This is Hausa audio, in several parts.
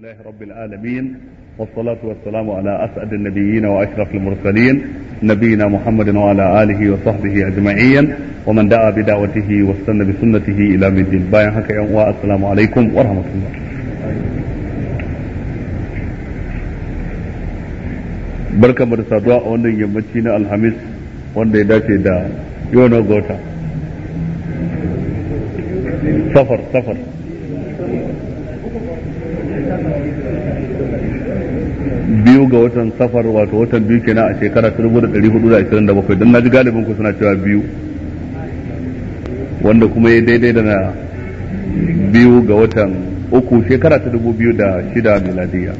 لله رب العالمين والصلاة والسلام على أسعد النبيين وأشرف المرسلين نبينا محمد وعلى آله وصحبه أجمعين ومن دعا بدعوته واستنى بسنته إلى مد البايع حكا السلام عليكم ورحمة الله barka mu da saduwa a wannan yammaci na alhamis wanda ya dace da yau na gota safar safar biyu ga watan safar wato watan biyu kenan a shekara ta dubu da ɗari hudu da ashirin da bakwai don na ji galibin ku suna cewa biyu wanda kuma ya daidai da na biyu ga watan uku shekara ta dubu biyu da shida miladiya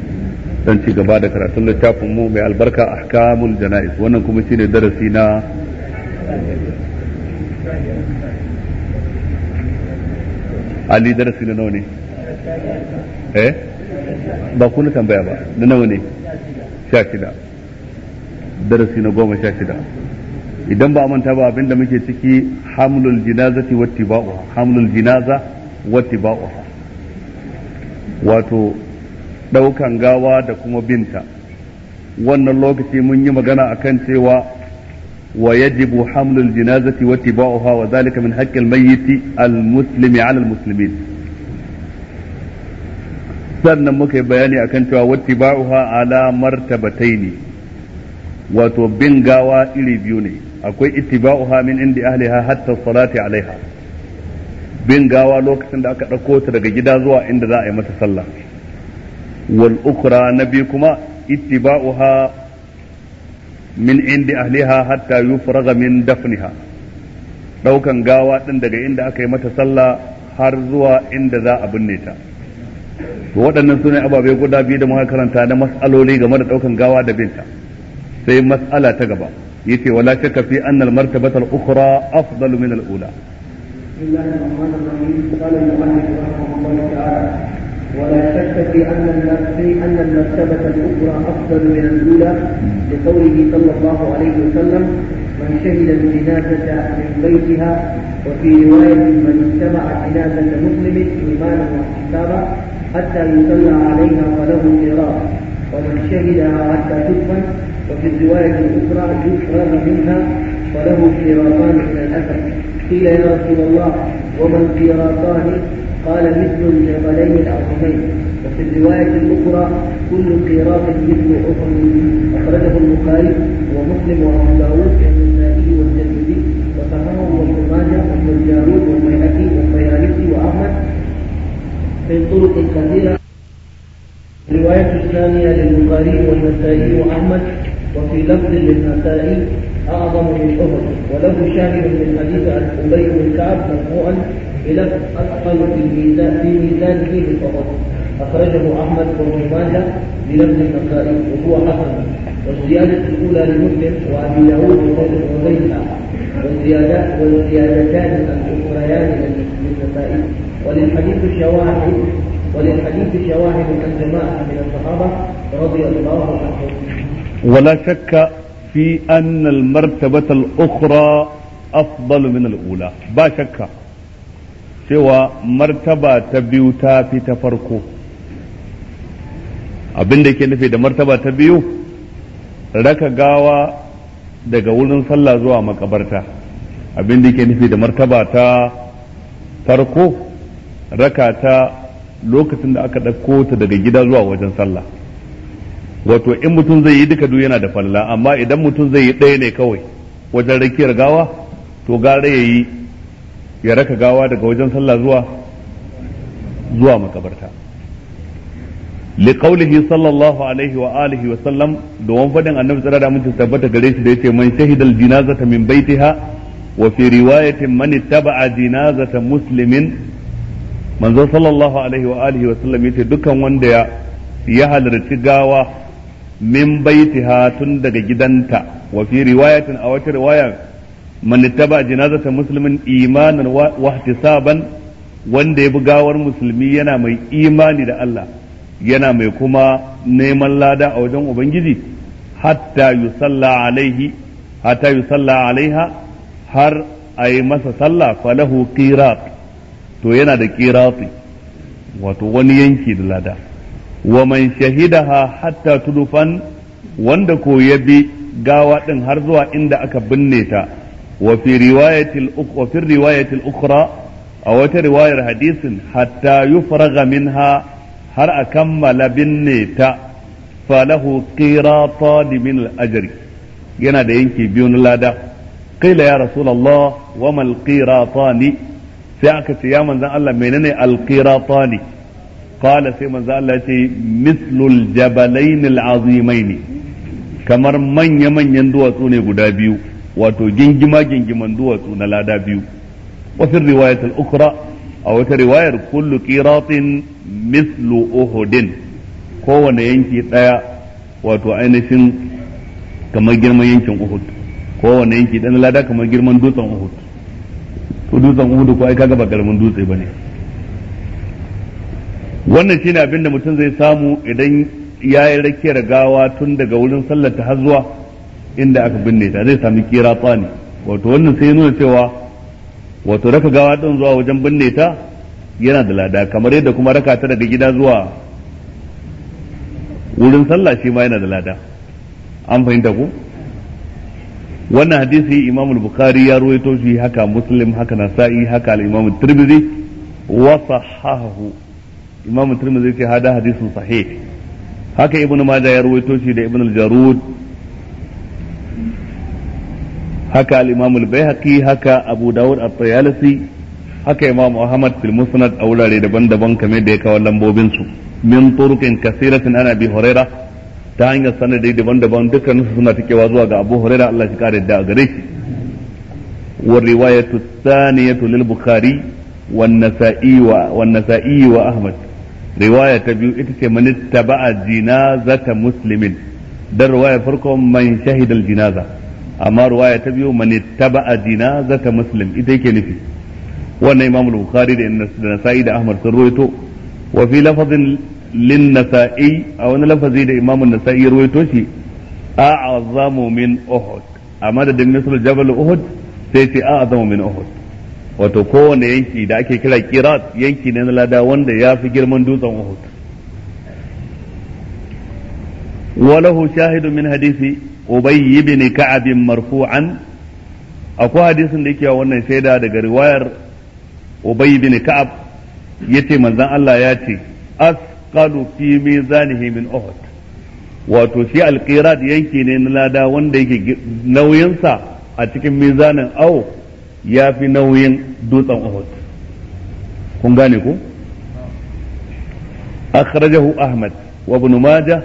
don ci gaba da karatun littafin mu mai albarka a kamun jana'is wannan kuma shine darasi na ali darasi na nawa ne eh ba ku na tambaya ba na nawa ne sha shida darasi na goma sha shida idan ba manta ba abinda muke ciki hamlul jinazati wattiba'uha hamlul jinaza wattiba'uha wato daukan gawa da kuma binta wannan lokaci mun yi magana akan cewa wa yajibu hamlul jinazati wattiba'uha wa zalika min haqqil mayyit al muslimi 'ala al muslimin sannan muka yi bayani a akan cewa wati ba'uha ala martabataini wato bin gawa iri biyu ne akwai ittiba'uha min indi ahliha hatta salati alaiha bin gawa lokacin da aka ɗauko ta daga gida zuwa inda za a yi mata sallah wal ukra na biyu kuma ittiba'uha min indi ahliha hatta yufraga min dafniha ɗaukan gawa ɗin daga inda aka yi mata sallah har zuwa inda za a binne ta to waɗannan sune ababe guda biyu da muka karanta na mas'aloli game da ɗaukan gawa da binta sai mas'ala ta gaba yace wala shakka fi anna al martabata al ukhra afdalu min al ula ولا شك في أن في أن المرتبة الأخرى من الأولى لقوله صلى الله عليه وسلم من شهد الجنازة من بيتها وفي رواية من اتبع جنازة مسلم إيمانا واحتسابا حتى يصلى عليها فله قراءة ومن شهدها حتى تدفن وفي الرواية الأخرى يفرغ منها فله قراطان من الأثر قيل يا رسول الله وما القراطان؟ قال مثل الجبلين العظيمين وفي الرواية الأخرى كل قراط مثل أخر أخرجه البخاري ومسلم وأبو داود داود والبيهقي والبيهقي وأحمد من طرق كثيرة رواية الثانية للبخاري والنسائي وأحمد وفي لفظ للنسائي أعظم من أحد وله شاهد من حديث عن أبي بن كعب مرفوعا بلفظ أثقل في الميزان في ميزانه من أحد أخرجه أحمد بن ماجه بلفظ النسائي وهو حسن والزيادة الأولى لمسلم وأبي داود وغيرها والزيادات والزيادتان المذكوريان للنسائي وللحديث شواهد وللحديث شواهد عن جماعة من الصحابة رضي الله عنهم ولا شك في أن المرتبة الأخرى أفضل من الأولى باشكا سوى مرتبة ta biyu تفرقو أبن ta farko abin مرتبة ke nufi da daga wurin sallah zuwa makabarta abin da ke nufi da martaba ta farko raka ta lokacin da aka ɗauko ta daga gida zuwa wajen sallah wato in mutum zai yi duka duk yana da falla amma idan mutum zai yi ɗaya ne kawai wajen rakiyar gawa to gara ya yi ya raka gawa daga wajen sallah zuwa zuwa makabarta liqaulihi sallallahu alaihi wa alihi wa sallam domin fadin annabi tsara da mutum tabbata gare shi da yace man shahidal jinazata min baitiha wa fi riwayatin man ittaba'a jinazata muslimin manzo sallallahu alaihi wa alihi wa sallam yace dukan wanda ya halarci gawa min baitiha tun daga gidanta wa fi riwayatin a wata riwaya man wanda ya bi gawar musulmi yana mai imani da Allah yana mai kuma neman lada a wajen ubangiji hatta yusalla alaihi hatta yusalla alaiha har a yi masa sallah falahu qirat to yana da qirati wato wani yanki da lada wa man shahidaha hatta tudufan wanda ko ya bi gawa ɗin har zuwa inda aka binne ta wa fi riwayatil a wata riwayar hadisin hatta yufraga minha har a kammala binne ta falahu qiratan min al yana da yanki biyu na lada qila ya rasulullah wa mal qiratani sai aka ce ya manzon Allah menene al-qiratani qala sai manzon Allah ya ce mislul jabalain al-azimain kamar manya-manyan duwatsu ne guda biyu wato gingima gingiman duwatsu na lada biyu wa fi riwayatul ukhra a wata riwayar kullu qiratin mislu uhudin kowane yanki daya wato ainihin kamar girman yankin uhud kowane yanki dan lada kamar girman dutsen uhud to dutsen uhud ko ai kaga ba garman dutse bane wannan shine abin da mutum zai samu idan ya yi rakiyar gawa tun daga wurin sallar ta inda aka binne ta zai sami kira tsani wato wannan sai nuna cewa wato raka gawa ɗin zuwa wajen binne ta yana da lada kamar yadda kuma raka ta daga gida zuwa wurin sallah shi ma yana da lada an fahimta ku. wannan hadisi imamul bukari bukhari ya ruwaito shi haka muslim haka nasa'i haka al-imam tirmidhi wa sahahu imam tirmidhi ce hada hadisin sahih haka ibnu majah ya ruwaito shi da ibn al-jarud haka al-Imam al-Baihaqi haka Abu Dawud at-Tayalisi haka Imam Ahmad fil Musnad a wurare daban-daban kame da ya kawo lambobin su min turukin kasiratin ana bi Hurairah ta hanyar sanadai daban-daban dukkan su suna tikewa zuwa ga Abu Hurairah Allah shi kare da gare shi nasa'i wa للبخاري والنسائي والنسائي وأحمد رواية تبيو إتك من اتبع jinazata muslimin ده رواية farkon man shahidal jinaza. amma ruwaya ta biyu man ittaba'a jinazata muslim ita yake nufi wannan imam al-bukhari da nasa'i da ahmad sun ruwaito wa fi lafazin lin nasa'i a wani lafazi da imam nasai ruwaito shi a'azamu min uhud a madadin misal jabal uhud sai ce a'azamu min uhud wato kowane yanki da ake kira qirat yanki ne na lada wanda ya fi girman dutsen uhud وله شاهد من حديث ubay ibn ka'ab marfu'an akwai hadisin da yake wannan shaida daga riwayar ubay ibn ka'ab yace manzon Allah ya ce asqalu fi mizanihi min uhud wato shi alqirat yanki ne na lada wanda yake nauyinsa a cikin mizanin awo ya fi nauyin dutsen ohud. kun gane ku akhrajahu ahmad wa ibn majah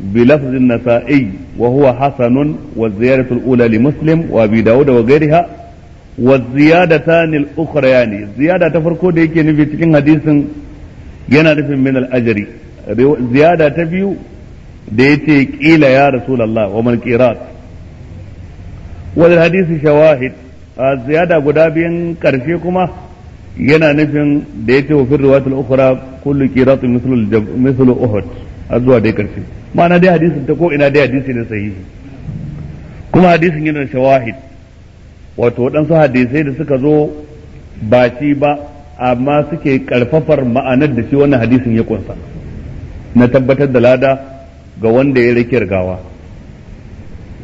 بلفظ nasa'i وهو حسن والزيادة الأولى لمسلم وأبي داود وغيرها والزيادتان الأخريان زيادة تفرقوا ديك في تكين حديث ينادف من الأجر زيادة تبيو ديتي قيل يا رسول الله وما القيرات وللحديث شواهد الزيادة قدابين كرشيكما yana nufin da ya ce wa firriwatul ukhra kullu qiratun mithlu mithlu uhud har zuwa dai karshe ma'ana dai hadisin ta ko ina dai hadisi ne sahihi kuma hadisin yana shawahid wato waɗansu hadisai da suka zo ba shi ba amma suke karfafar ma'anar da shi wannan hadisin ya kunsa na tabbatar da lada ga wanda ya rike gawa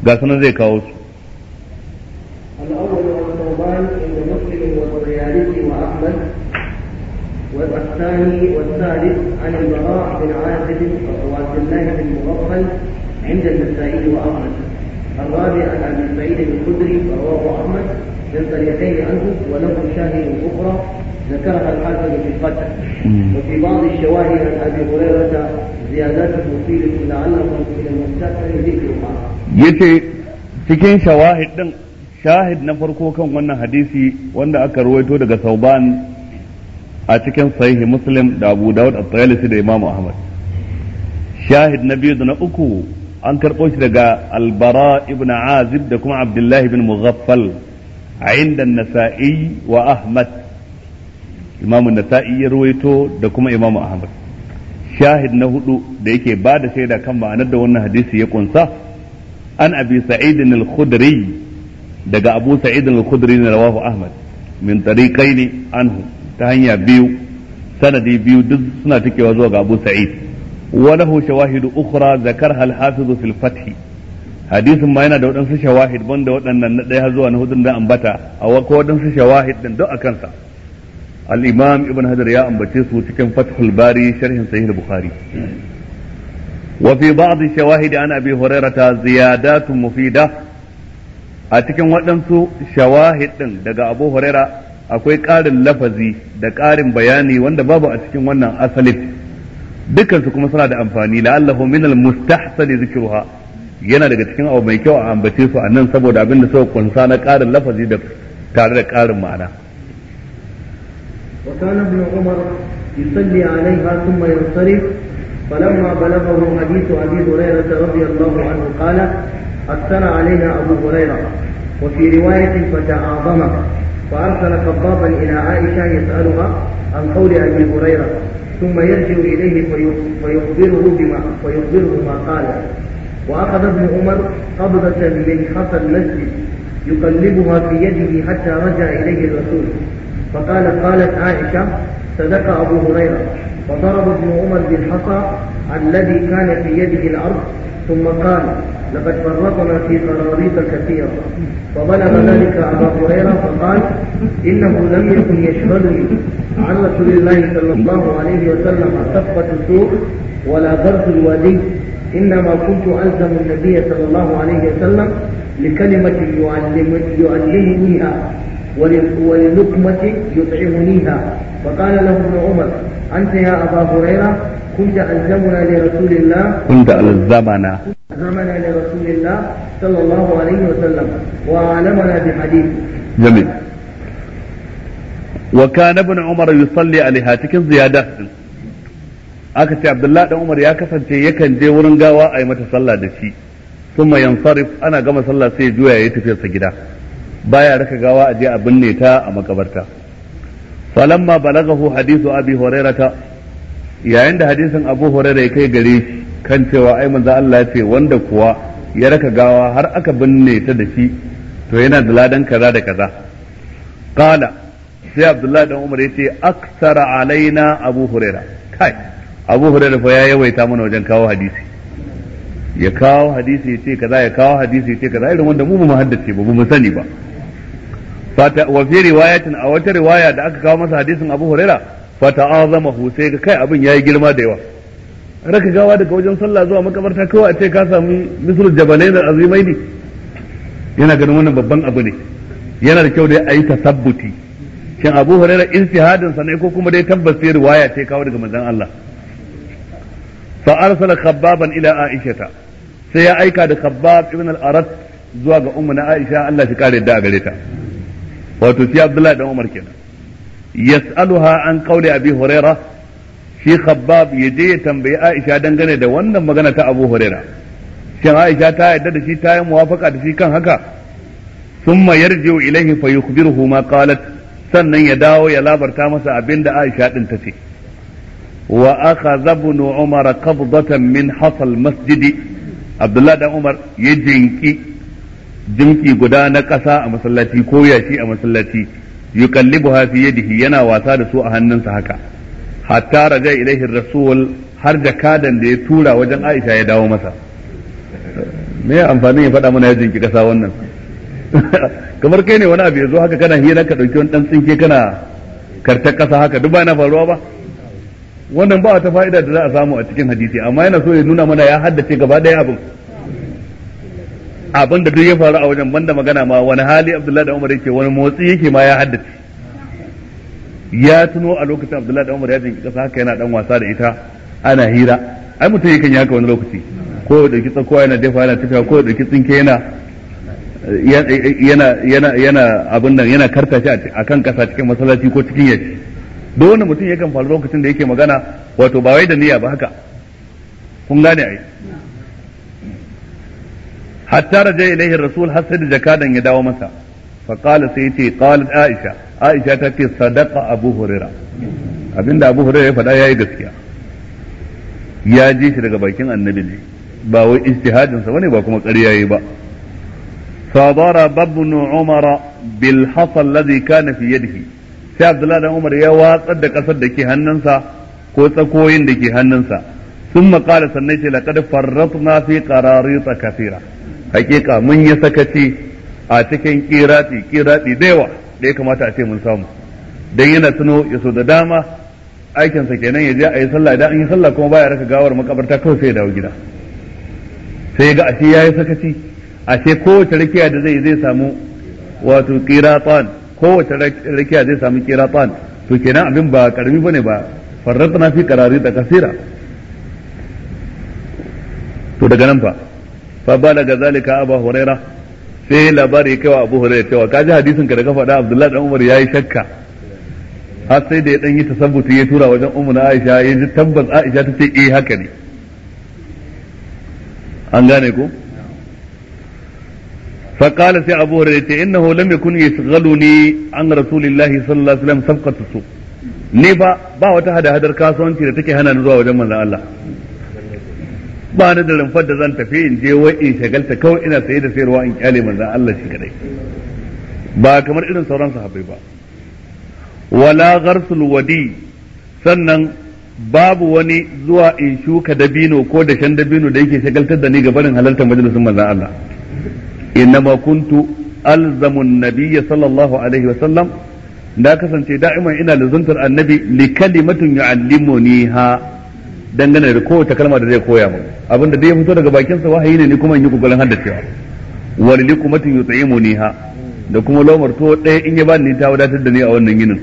ga sanar zai kawo su الثاني والثالث عن البراء بن عازب وعبد الله بن مغفل عند النسائي واحمد الرابع عن ابي سعيد الخدري رواه احمد من طريقين عنه وله شاهد اخرى ذكرها الحاكم في الفتح وفي بعض الشواهد عن ابي هريره زيادات مفيدة لعلهم إلى المستقبل ذكرها. يتي cikin shawahid din shahid na farko kan wannan hadisi wanda aka ruwaito daga sauban a cikin sahihi muslim da abu dawud at-tayalisi da imam ahmad shahid na biyu da na uku an karɓo shi daga albara ibn azib da kuma abdullahi ibn mughaffal a inda nasa'i wa ahmad imamu nasa'i ya ruwaito da kuma imamu ahmad shahid na hudu da yake ba da shaida kan ma'anar da wannan hadisi ya kunsa an abi sa'id al-khudri daga abu sa'id al-khudri rawahu ahmad min tariqaini anhu ta hanya biyu sanadi biyu duk suna tikewa zuwa ga Abu Sa'id Walahu shawahidu ukhra zakarha al-hafiz fil fath hadisin ma yana da waɗansu shawahid banda waɗannan na ɗaya zuwa na hudun da ambata a ko waɗansu shawahid din duk akan sa al-imam ibn hajar ya ambace su cikin fathul bari sharhin sahih bukhari wa fi ba'd shawahid an abi hurairah ziyadatun mufida a cikin waɗansu shawahid din daga abu hurairah akwai ƙarin lafazi da ƙarin bayani wanda babu a cikin wannan asalin dukansu kuma suna da amfani la'allahu minal mustahsani zikruha yana daga cikin abu mai kyau a ambace su a nan saboda abin da suka kunsa na ƙarin lafazi da tare da ƙarin ma'ana وكان ابن عمر يصلي عليها ثم ينصرف فلما بلغه حديث ابي هريره رضي الله عنه قال اثر علينا ابو هريره وفي روايه فتعاظمه فأرسل خطابا إلى عائشة يسألها عن قول أبي هريرة ثم يرجع إليه فيخبره بما فيخبره ما قال وأخذ ابن عمر قبضة من حصى المسجد يقلبها في يده حتى رجع إليه الرسول فقال قالت عائشة صدق أبو هريرة فضرب ابن عمر بالحصى الذي كان في يده الأرض ثم قال لقد فرطنا في قراريط كثيرة فبلغ ذلك أبا هريرة فقال إنه لم يكن يشغلني عن رسول الله صلى الله عليه وسلم صفقة السوق ولا غرس الوادي إنما كنت ألزم النبي صلى الله عليه وسلم لكلمة يعلمنيها وللقمة يطعمنيها فقال له ابن عمر أنت يا أبا هريرة كنت ألزمنا لرسول الله كنت ألزمنا زمنا لرسول الله صلى الله عليه وسلم وعلمنا بحديث جميل وكان ابن عمر يصلي عليها aka ce Abdullahi dan Umar ya kasance yakan je wurin gawa a yi mata sallah da shi thumma yansarif ana gama sallah sai juya ya tafi sa gida baya raka gawa a je a binne ta a makabarta falamma balagahu hadithu abi hurairata yayin da hadisin abu hurairah ya kai gare shi kan cewa ai manzo Allah ya ce wanda kuwa ya raka gawa har aka binne ta da shi to yana da ladan kaza da kaza qala sai Abdullah dan Umar yace aksara alaina Abu Huraira kai Abu Huraira fa ya yawaita mana wajen kawo hadisi ya kawo hadisi yace kaza ya kawo hadisi yace kaza irin wanda mu mu haddace ba mu sani ba fata wa fi riwayatin a wata riwaya da aka kawo masa hadisin Abu Huraira fata'azamahu sai kai abin yayi girma da yawa raka gawa daga wajen sallah zuwa makabarta kawai a ce ka sami misul jabalai da azimai ne yana ganin wannan babban abu ne yana da kyau da a yi tasabbuti shin abu hurera istihadin sa ne ko kuma dai tabbas sai riwaya ce kawo daga manzon Allah fa arsala khabbaban ila aishata sai ya aika da khabbab ibn al-arat zuwa ga ummu na aisha Allah shi kare da gare ta wato sai abdullahi dan umar kenan yas'aluha an qawli abi huraira shi khabbab ya je ya tambayi aisha dangane da wannan magana ta abu huraira shin aisha ta yarda da shi ta yi muwafaka da shi kan haka thumma yarji'u ilaihi fa yukhbiruhu ma qalat sannan ya dawo ya labarta masa abin da aisha din ta ce wa akhadha ibn umar qabdatan min hasal masjidi abdullahi dan umar ya jinki jinki guda na ƙasa a masallaci ko yashi a masallaci yuqallibuha fi yadihi yana wasa da su a hannunsa haka hatta raja ilaihi rasul har jakadan da ya tura wajen Aisha ya dawo masa me ya amfani ya faɗa mana ya jinki wannan kamar kai ne wani abu ya zo haka kana hira ka ɗauki wani ɗan tsinke kana karta kasa haka duk ba yana faruwa ba wannan ba ta fa'ida da za a samu a cikin hadisi amma yana so ya nuna mana ya haddace gaba ɗaya abin abin da duk ya faru a wajen banda magana ma wani hali abdullahi da umar yake wani motsi yake ma ya haddace ya tuno a lokacin abdullahi dan umar ya jinki kasa haka yana dan wasa da ita ana hira ai mutum yakan yi haka wani lokaci ko ya dauki tsakowa yana dafa yana tafiya ko ya dauki tsinke yana yana yana yana abin nan yana karta shi a kan kasa cikin masallaci ko cikin yaji. duk wani mutum yakan faru lokacin da yake magana wato ba wai da niyya ba haka kun gane ai hatta raja ilaihi rasul har da jakadan ya dawo masa فقال سيتي قالت عائشة عائشة تتي صدق أبو هريرة أبن أبو هريرة فلا يا gaskiya ya ji shi daga bakin annabi ne ba wai ijtihadin sa ba kuma ƙarya yayi ba fadara ibn umara bil hasal ladhi kana fi yadihi sai abdullahi dan umar ya watsar da kasar da ke hannunsa ko tsakoyin da ke hannunsa sun qala sannan ce laqad farratna fi qararita kathira hakika mun ya sakaci a cikin kirati kirati da yawa da ya kamata a ce mun samu dan yana tuno ya so da dama aikinsa kenan ya je a yi sallah idan an yi sallah kuma baya raka gawar makabarta kawai sai ya dawo gida sai ga ashe yayi sakaci ashe kowace rakiya da zai zai samu wato qiratan kowace rakiya zai samu qiratan to kenan abin ba karami bane ba farratna fi qarari da kasira to daga nan fa fa balaga zalika abu hurairah sai labari ya kaiwa Abu Hurairah cewa kaji hadisin ka da ka faɗa Abdullahi dan Umar yayi shakka har sai da ya dan yi tasabbuti ya tura wajen Ummu na Aisha ya ji tabbas Aisha ta ce eh haka ne an gane ko فقال سي أبو هريرة إنه لم يكن يشغلني عن رسول an صلى الله عليه وسلم صفقة su. ni ba ba wata hada hadar kasuwanci da take hana ni zuwa wajen manzon Allah ba ni da rumfar da zan tafi in je wai in shagalta kawai ina saye da sayarwa in kyale manzon Allah shi kadai ba kamar irin sauran sahabbai ba wala gharsul wadi sannan babu wani zuwa in shuka dabino ko dashen dabino da yake shagaltar da ni ga barin halartar majalisin manzon Allah innama kuntu alzamun nabiyya sallallahu alaihi sallam na kasance da'iman ina luzuntar annabi li kalimatun yu'allimuni ha dangane da kowace kalma da zai koya mu abinda da ya fito daga bakin sa wahayi ne ni kuma in yi kokarin cewa wal likumatin ha da kuma lamar to ɗaya in ya bani ta wadatar da ni a wannan ginin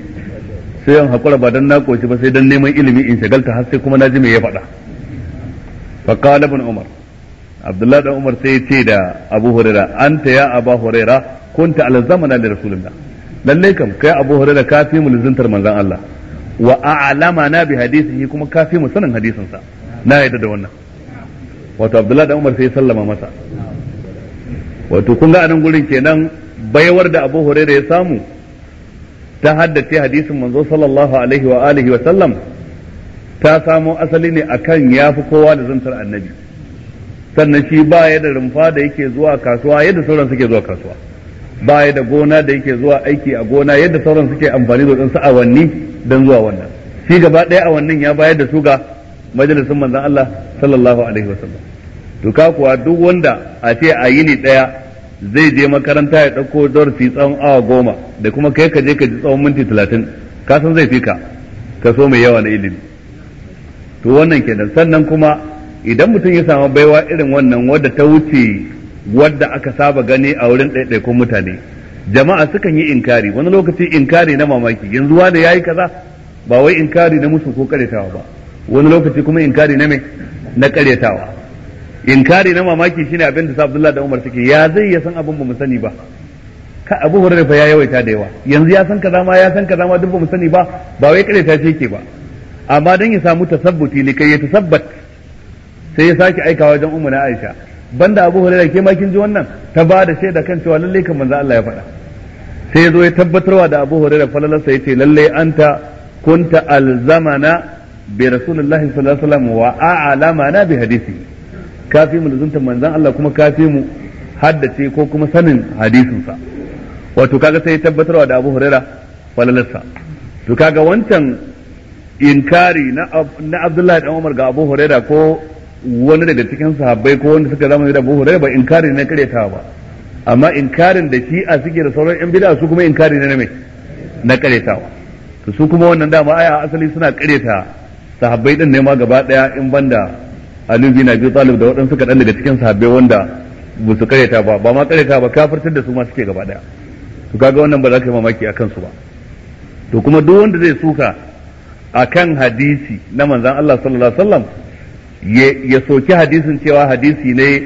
sai an hakura ba dan na koshi ba sai dan neman ilimi in shagalta har sai kuma naji me ya faɗa fa qala ibn umar abdullah dan umar sai ya ce da abu hurairah anta ya abu hurairah kunta alzamana li rasulillah lalle kam kai abu hurairah ka fi mulzuntar manzon Allah wa a'lama na bi hadisihi kuma ka fi mu sanin hadisin sa na yadda da wannan wato Abdullahi da Umar sai sallama masa wato kun ga anan gurin kenan baiwar da Abu Hurairah ya samu ta haddace hadisin manzo sallallahu alaihi wa alihi wa sallam ta samo asali ne akan yafi kowa da zantar annabi sannan shi ba ya rumfa da yake zuwa kasuwa yadda sauran suke zuwa kasuwa ba ya da gona da yake zuwa aiki a gona yadda sauran suke amfani da wadansu awanni dan zuwa wannan shi gaba ɗaya a wannan ya bayar da su ga majalisun manzan Allah sallallahu alaihi wasallam to ka kuwa duk wanda a ce a yi yini ɗaya zai je makaranta ya ɗauko darasi tsawon awa goma da kuma kai ka je ka ji tsawon minti talatin ka san zai fi ka ka so mai yawa na ilimi to wannan kenan sannan kuma idan mutum ya samu baiwa irin wannan wadda ta wuce wadda aka saba gani a wurin ɗaiɗaikun mutane jama'a sukan yi inkari wani lokaci inkari na mamaki yanzu wani yayi kaza ba wai inkari na musu ko karyatawa ba wani lokaci kuma inkari na me na karyatawa inkari na mamaki shine abin da Abdullah da Umar suke ya zai ya san abin ba mu sani ba ka Abu Hurairah fa ya yawaita da yawa yanzu ya san kaza ma ya san kaza ma duk ba mu sani ba ba wai karyata ce yake ba amma dan ya samu tasabbuti ne kai ya tasabbat sai ya sake aikawa wajen Ummu na Aisha banda Abu Hurairah ke makin ji wannan ta ba da shaida kan cewa lalle kan manzo Allah ya faɗa sai yazo ya tabbatarwa da Abu Hurairah falalarsa yace lalle anta kunta alzamana bi rasulullahi sallallahu alaihi wasallam wa a'lamana bi hadisi kafi mu lazunta manzon Allah kuma kafi mu haddace ko kuma sanin hadisinsa wato kaga sai ya tabbatarwa da Abu Hurairah falalarsa to kaga wancan inkari na Abdullahi dan Umar ga Abu Hurairah ko wani daga cikin sahabbai ko wanda suka zama da Abu Hurairah ba inkari ne kare ta ba amma inkarin da a suke da sauran yan bid'a su kuma inkari ne na me na ba to su kuma wannan dama aya asali suna kareta sahabbai din ne ma gaba daya in banda Ali bin Abi Talib da waɗansu kaɗan daga cikin sahabbai wanda ba su kareta ba ba ma kareta ba kafirtar da su ma suke gaba daya to kaga wannan ba za ka yi mamaki akan su ba to kuma duk wanda zai suka akan hadisi na manzon Allah sallallahu alaihi wasallam ya soki hadisin cewa hadisi ne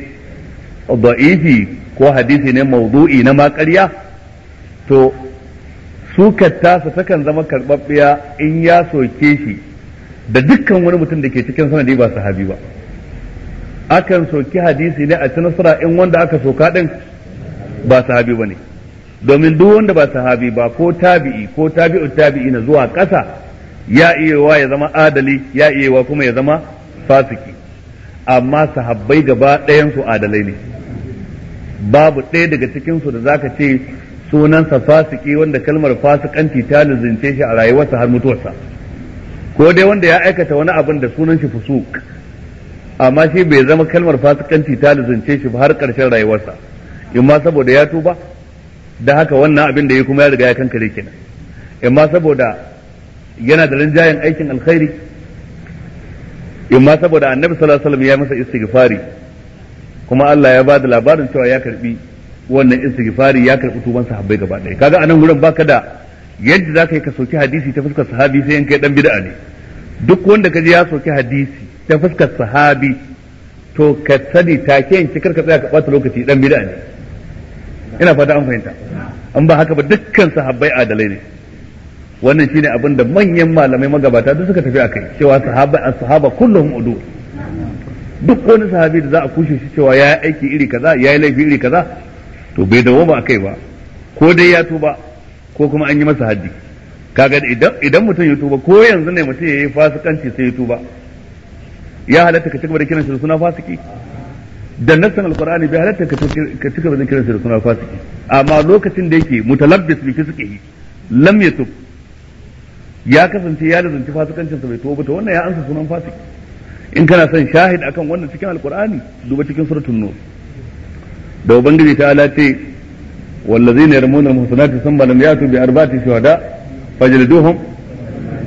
da'ifi ko hadisi ne maudu'i na makarya to sukar tasa takan zama karbabbiya in ya soke shi da dukkan wani mutum da ke cikin sanadi ba sahabi ba akan soki hadisi ne a ci nasara in wanda aka soka din ba sahabi ba ne domin duk wanda ba sahabi ba ko tabi'i ko tabi'u tabi'i na zuwa ƙasa ya iya wa ya zama adali ya iya wa kuma ya zama fasiki amma sahabbai gaba ɗayansu su adalai ne babu ɗaya daga cikinsu su da zaka ce sunansa fasiki wanda kalmar fasikanci ta lizince shi a rayuwarsa har mutuwarsa ko dai wanda ya aikata wani abin da sunan shi fusuk amma shi bai zama kalmar fasikanci ta lizince shi har ƙarshen rayuwarsa in ma saboda ya tuba da haka wannan abin da ya kuma ya riga ya kankare kenan in ma saboda yana da rinjayen aikin alkhairi in ma saboda annabi sallallahu alaihi wasallam ya masa istighfari kuma Allah ya bada labarin cewa ya karbi wannan istighfari ya karbi tuban sahabbai gaba ɗaya kaga anan gurin baka da yadda zaka yi ka soki hadisi ta fuskar sahabi sai in dan bid'a ne duk wanda kaji ya soki hadisi ta fuskar sahabi to ka sani take karka tsaya ka bata lokaci dan bid'a ne ina fata an fahimta an ba haka ba dukkan sahabbai adalai ne wannan shine abin da manyan malamai magabata duk suka tafi akai cewa sahaba as-sahaba kulluhum udu duk wani sahabi da za a kushe shi cewa yayi aiki iri kaza yayi laifi iri kaza to bai dawo ba akai ba ko dai ya tuba ko kuma an yi masa haddi kaga idan idan mutum ya tuba ko yanzu ne mutum yayi fasikanci sai ya tuba ya halatta ka cigaba da kiran shi da suna fasiki da nassan alqur'ani bai halatta ka cigaba da kiran shi da suna fasiki amma lokacin da yake mutalabbis bi fisqihi lam yatub ya kasance ya lazanci fasikancin sa bai tuwo ta wannan ya ansa sunan fasiki in kana son shahid akan wannan cikin alqur'ani duba cikin suratul nur da ubangiji ta ala ce wallazina yarmuna almuhsanati thumma lam yatu bi arba'ati shuhada fajliduhum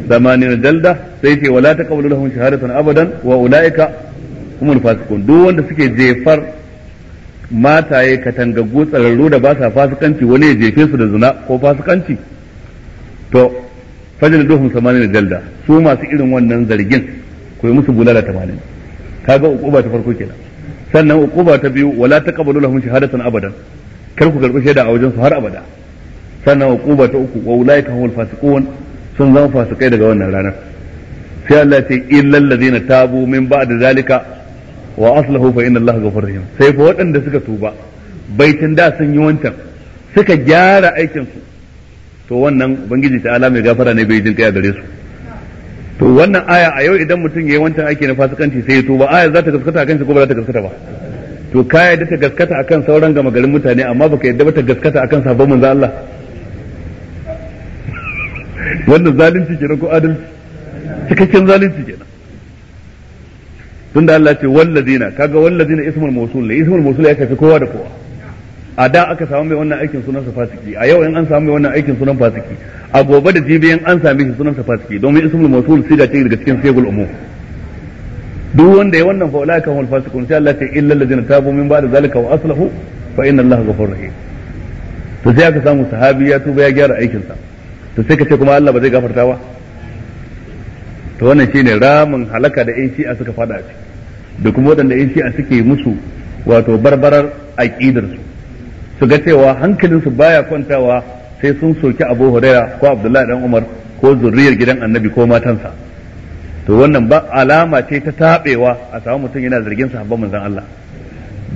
thamanina jalda sai ce wala taqbalu lahum shahadatan abadan wa ulaika humul fasikun duk wanda suke jefar mataye katangaggu tsararru da ba sa fasikanci wani ya jefe su da zina ko fasikanci to fajliduhum samanin jalda su masu irin wannan zargin ku yi musu bulala tamanin kaga uquba ta farko kenan sannan Ukuba ta biyu wala ta taqbalu lahum shahadatan abadan kar ku karbi shaida a wajen su har abada sannan Ukuba ta uku wa ulaika humul fasiqun sun zama fasikai daga wannan ranar sai Allah ya ce illal ladzina tabu min ba'da zalika wa aslahu fa inna Allah ghafurur rahim sai fa waɗanda suka tuba baitin da sun yi wancan suka gyara aikin su to wannan ubangiji ta ala mai gafara ne bai jin kai a gare su to wannan aya a yau idan mutum ya yi wancan aiki na fasikanci sai ya tuba aya za ta gaskata akan shi ko ba za ta gaskata ba to ka yadda ta gaskata akan sauran gama garin mutane amma baka yadda ba ta gaskata akan sabon manzo Allah wannan zalunci kenan ko adalci cikakken zalunci kenan tunda Allah ce wallazina kaga wallazina ismul mawsul ne ismul mawsul ya kafi kowa da kowa a da aka samu mai wannan aikin sunan sa fasiki a yau in an samu mai wannan aikin sunan fasiki a gobe da jibi in an same shi sunan sa fasiki domin ismul mawsul siga ce daga cikin sigul umum duk wanda ya wannan fa ulaika humul fasiqun sai Allah ya ce illal ladina tabu min ba'da zalika wa aslahu fa inna Allah ghafurur rahim to sai aka samu sahabi ya tuba ya gyara aikin sa to sai ka ce kuma Allah ba zai gafarta ba to wannan shine ramin halaka da AC a suka fada a ciki da kuma waɗanda AC a suke musu wato barbarar aqidar su su ga cewa hankalinsu baya kwantawa sai sun soki Abu Huraira ko Abdullahi dan Umar ko zurriyar gidan Annabi ko matansa to wannan ba alama ce ta tabewa a samu mutum yana zargin sahabban manzon Allah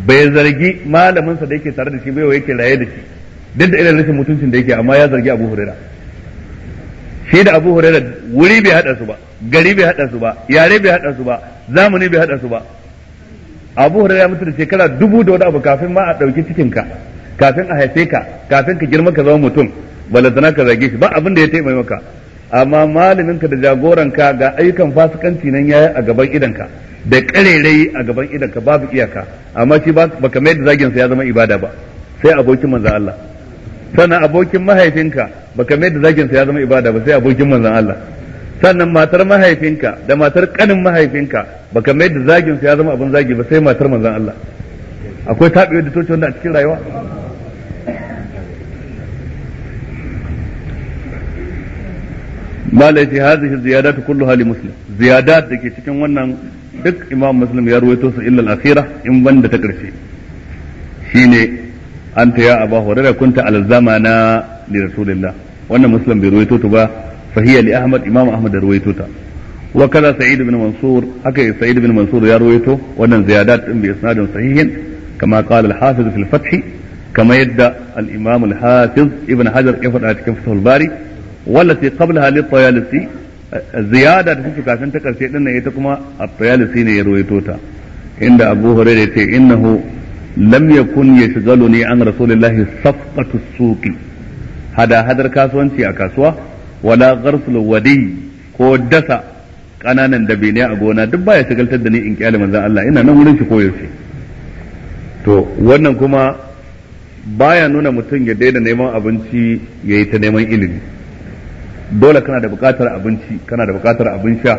bai zargi malamin da yake tare da shi bai yake raye da shi duk da irin rashin mutuncin da yake amma ya zargi Abu Huraira shi da Abu Huraira wuri bai hada su ba gari bai hada su ba yare bai hada su ba zamani bai hada su ba Abu Huraira mutu da shekara dubu da wani abu kafin ma a ɗauki cikin ka kafin a haife ka kafin ka girma ka zama mutum balantana ka zage shi ba abin da ya taimaka maka amma malamin ka da jagoran ka ga ayyukan fasikanci nan yayi a gaban idan ka da karerai a gaban idan ka babu iyaka amma shi baka mai da zagin sa ya zama ibada ba sai abokin manzon Allah sannan abokin mahaifinka baka mai da zagin sa ya zama ibada ba sai abokin manzon Allah sannan matar mahaifinka da matar kanin mahaifinka baka mai da zagin sa ya zama abin zagi ba sai matar manzon Allah akwai tabewa da toce wanda a cikin rayuwa mala yace hadhihi ziyadatu kulluha li muslim ziyadat dake cikin wannan duk imam muslim ya ruwaito su illa al in banda ta karshe shine anta ya aba hurairah kunta al-zamana li rasulillah wannan muslim bai ruwaito ta ba fa hiya li imam ahmad da ruwaito ta wa kaza sa'id ibn mansur haka sa'id ibn mansur ya ruwaito wannan ziyadat din bai isnadin sahihin kama qala al-hafiz fi al-fath kama yadda al-imam ibn hajar ya faɗa cikin fathul bari wallace qablaha lit-tayalisi ziyada da kuka kafin ta karshe din nan ita kuma at-tayalisi ne ya ruwaito ta inda Abu Hurairah yace innahu lam yakun yashghaluni an rasulillahi safqatu suqi hada hadar kasuwanci a kasuwa wala gharsul wadi ko dasa kananan ne a gona duk baya shagaltar da ni in kyale manzon Allah ina nan wurin shi koyaushe to wannan kuma baya nuna mutum ya daina neman abinci ya yi ta neman ilimi dole kana da buƙatar abinci kana da buƙatar abin sha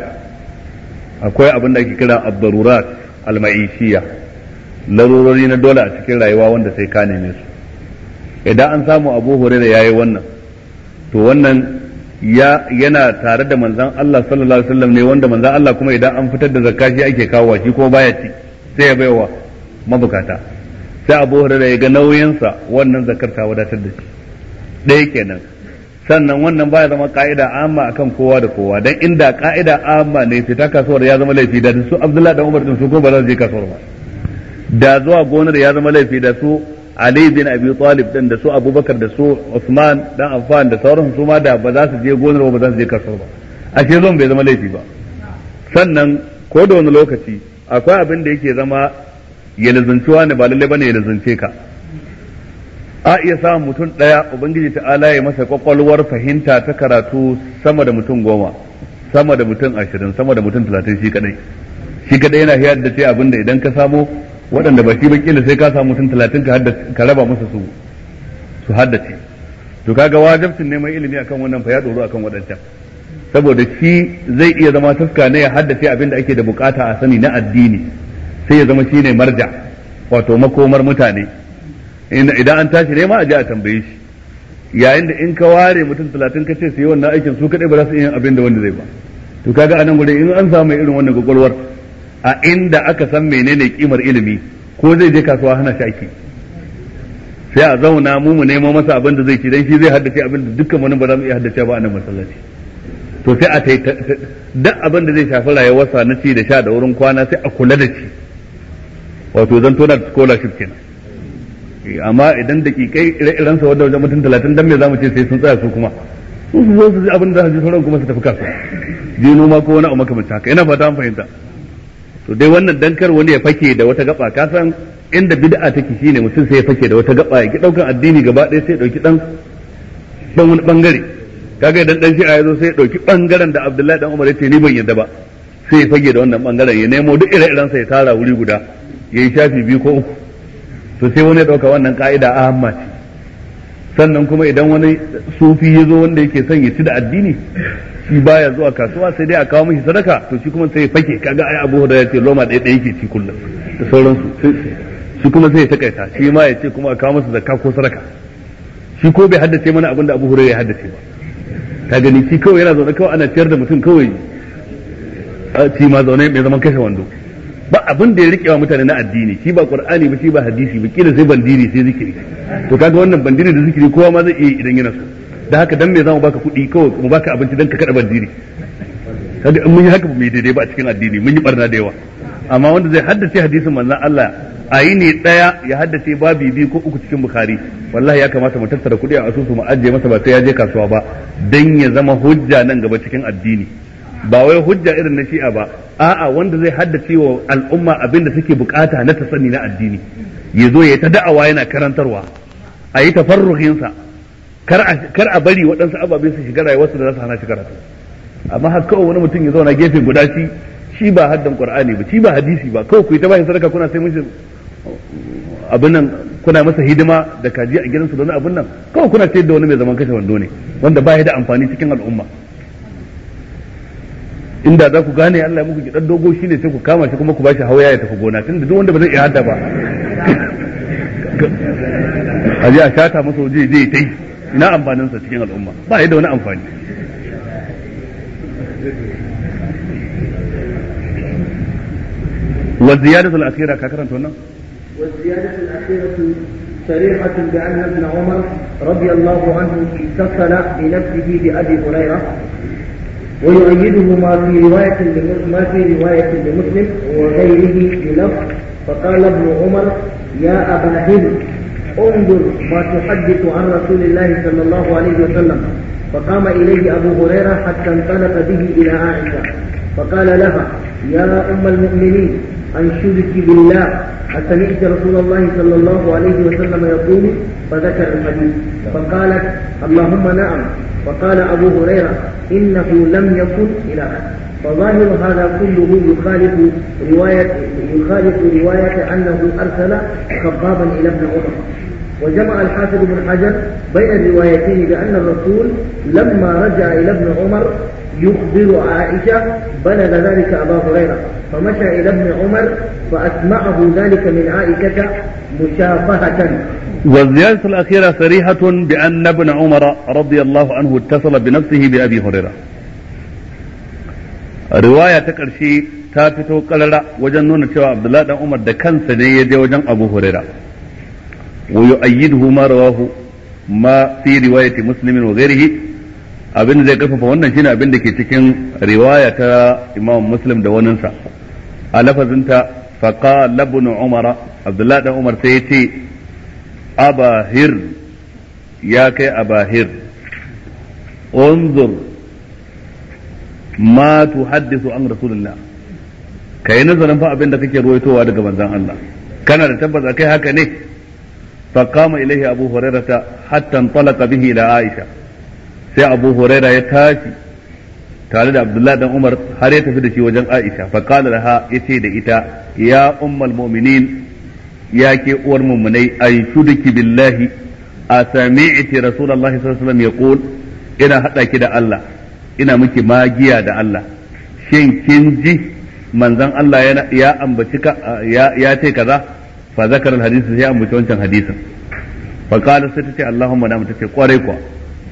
akwai abin da ake kira abdarurat almaishiya larurori na dole a cikin rayuwa wanda sai ka neme su idan an samu abu hore da yayi wannan to wannan ya yana tare da manzan Allah sallallahu alaihi wasallam ne wanda manzan Allah kuma idan an fitar da zakka ake kawo shi kuma baya ci sai ya baiwa mabukata sai Abu hore da ya ga nauyinsa wannan zakar ta wadatar da shi ɗaya kenan sannan wannan baya zama ka'ida amma akan kowa da kowa dan inda ka'ida amma ne fita kasuwar ya zama laifi da su Abdullah da Umar din su ko ba za su je kasuwar ba da zuwa gonar ya zama laifi da su Ali bin Abi Talib din da su Abubakar da su Usman dan Affan da sauran su ma da ba za su je gonar ba ba za su je kasuwar ba ashe zon bai zama laifi ba sannan ko da wani lokaci akwai abin da yake zama ya ne ba lalle bane ya ka a iya samun mutum ɗaya ubangiji ala ya masa kwakwalwar fahimta ta karatu sama da mutum goma sama da mutum ashirin sama da mutum talatin shi kadai shi kadai yana hiyar da ce abinda idan ka samo waɗanda ba shi bakila sai ka samu mutum talatin ka raba masa su su haddace to kaga wajibcin neman ilimi akan wannan fa ya doro akan waɗancan saboda shi zai iya zama taska ne ya haddace abin da ake da bukata a sani na addini sai ya zama shine marja wato makomar mutane idan an tashi ma a ji a tambaye shi yayin da in ka ware mutum talatin ka ce su yi wannan aikin su kaɗai ba za su iya abin da wanda zai ba to kaga anan gure in an samu irin wannan gogolwar a inda aka san menene kimar ilimi ko zai je kasuwa hana shaki sai a zauna mu mu nemo masa abin da zai ci dan shi zai haddace abin da dukkan wani ba za mu iya haddace ba a nan masallaci to sai a tai duk abin da zai shafi rayuwarsa na ci da sha da wurin kwana sai a kula da shi wato zan tona scholarship kenan amma idan da kikai ire-iren sa wanda wajen mutum talatin dan me zamu ce sai sun tsaya su kuma su su zo su ji abin da za su ji sauran kuma su tafi kasuwa je noma ko wani abu makamancin haka ina fata an fahimta to dai wannan dankar wani ya fake da wata gaba ka san inda bid'a take shine mutum sai ya fake da wata gaba ya ki daukan addini gaba ɗaya sai ɗauki dauki dan dan wani bangare kaga idan dan shi'a ya zo sai ya dauki bangaren da Abdullahi dan Umar yace ni ban yadda ba sai ya fage da wannan bangaren ya nemo duk ire-iren sa ya tara wuri guda yayi shafi biyu ko uku to sai wani ya dauka wannan ka'ida a hamma ce sannan kuma idan wani sufi ya zo wanda yake son ya ci da addini shi baya zuwa kasuwa sai dai a kawo mishi sadaka to shi kuma sai ya fake kaga ai Abu Hurairah ce loma ɗaya ɗaya yake ci kullum da sauransu shi kuma sai ya takaita shi ma ya ce kuma a kawo masa zakka ko sadaka shi ko bai haddace mana abin da Abu Hurairah ya haddace ba Ta gani shi kawai yana zaune kawai ana ciyar da mutum kawai a ci ma zaune mai zaman kashe wando ba abin da ya rike wa mutane na addini shi ba qur'ani ba shi ba hadisi ba kila sai bandiri sai zikiri to kaga wannan bandiri da zikiri kowa ma zai iya idan yana so da haka dan me zamu baka kuɗi kawai mu baka abinci dan ka kada bandiri kaga in mun yi haka ba mai daidai ba a cikin addini mun yi barna da yawa amma wanda zai haddace hadisin manzon Allah a yi ne ɗaya ya haddace babi biyu ko uku cikin bukhari wallahi ya kamata mu tattara kuɗi a asusu mu ajiye masa ba sai ya je kasuwa ba dan ya zama hujja nan gaba cikin addini ba wai hujja irin na shi'a ba a'a wanda zai haddace wa al'umma abin da suke bukata na tasani na addini ya zo ya ta da'awa yana karantarwa a yi tafarruhinsa kar a bari waɗansu ababe su shiga rayuwarsu da za su hana shi karatu amma har kawai wani mutum ya zauna gefe guda shi shi ba haddan qur'ani ba shi ba hadisi ba kawai ku yi ta bashi sadaka kuna sai mishi abin nan kuna masa hidima da kaji a gidansu su abin nan kawai kuna ce da wani mai zaman kashe wando ne wanda ba ya da amfani cikin al'umma inda za ku gane Allah ya muku gidan dogo shine sai ku kama shi kuma ku bashi hawaya ya tafi gona tunda duk wanda ba zai iya hada ba a je a shata masa waje zai ta yi ina amfanin sa cikin al'umma ba yadda wani amfani wa ziyadatul akhirah ka karanta wannan wa ziyadatul akhirah صريحة بأن ابن عمر رضي الله عنه اتصل بنفسه بأبي هريرة ويؤيده ما في رواية ما في رواية لمسلم وغيره بلفظ فقال ابن عمر يا أبا هند انظر ما تحدث عن رسول الله صلى الله عليه وسلم فقام إليه أبو هريرة حتى انطلق به إلى عائشة فقال لها يا أم المؤمنين عن شرك بالله حتى نجد رسول الله صلى الله عليه وسلم يقول فذكر الحديث فقالت اللهم نعم وقال أبو هريرة إنه لم يكن إلى آخره فظاهر هذا كله يخالف رواية يخالف رواية أنه أرسل خطابا إلى ابن عمر وجمع الحافظ بن حجر بين الروايتين بأن الرسول لما رجع إلى ابن عمر يخبر عائشة بلغ ذلك أبا هريرة فمشى إلى ابن عمر فأسمعه ذلك من عائشة مشافهة والزيادة الأخيرة صريحة بأن ابن عمر رضي الله عنه اتصل بنفسه بأبي هريرة رواية تكرشي تافتو قلل وجنون wajen عبد الله Abdullahi dan Umar da kansa ne ya je wajen ويؤيده ما رواه ما في رواية مسلم وغيره abin zai karfafa wannan shine abin da ke cikin riwaya ta Imam Muslim da waninsa a ta faqala ibn Umar Abdullahi dan Umar sai yace abahir ya kai abahir unzur ma tuhaddisu an rasulullah kai nazarin fa abin da kake ruwaitowa daga manzon Allah kana da tabbata kai haka ne فقام إليه أبو هريرة حتى انطلق به إلى عائشة sai Abu Huraira ya tashi tare da Abdullahi dan Umar har ya tafi da shi wajen Aisha fa qala laha yace da ita ya ummul mu'minin ya ke uwar mu'minai ay shudiki billahi a sami'ti rasulullahi sallallahu alaihi wasallam ina hada ki da Allah ina miki magiya da Allah shin kin ji manzon Allah ya ambaci ka ya kaza fa zakara alhadith sai an mutu wancan hadisin fa qala sai tace Allahumma na mutace kwarai kwa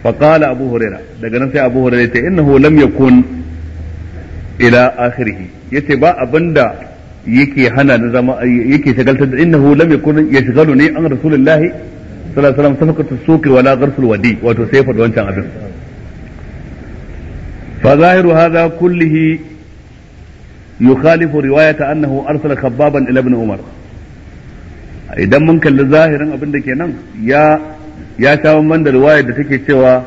fa qala Abu Huraira daga nan sai Abu Huraira yace innahu lam yakun ila akhirih yace ba abinda yake hana na zama yake shagaltar da innahu lam yakun yashghalu ni an rasulullahi sallallahu alaihi wasallam wala gharsul wadi wato sai fa wancan abin fa zahiru hadha kullihi riwayata annahu arsala khabbaban ila ibn umar idan mun kalli zahirin abin da nan ya ya kawo man da riwaya da take cewa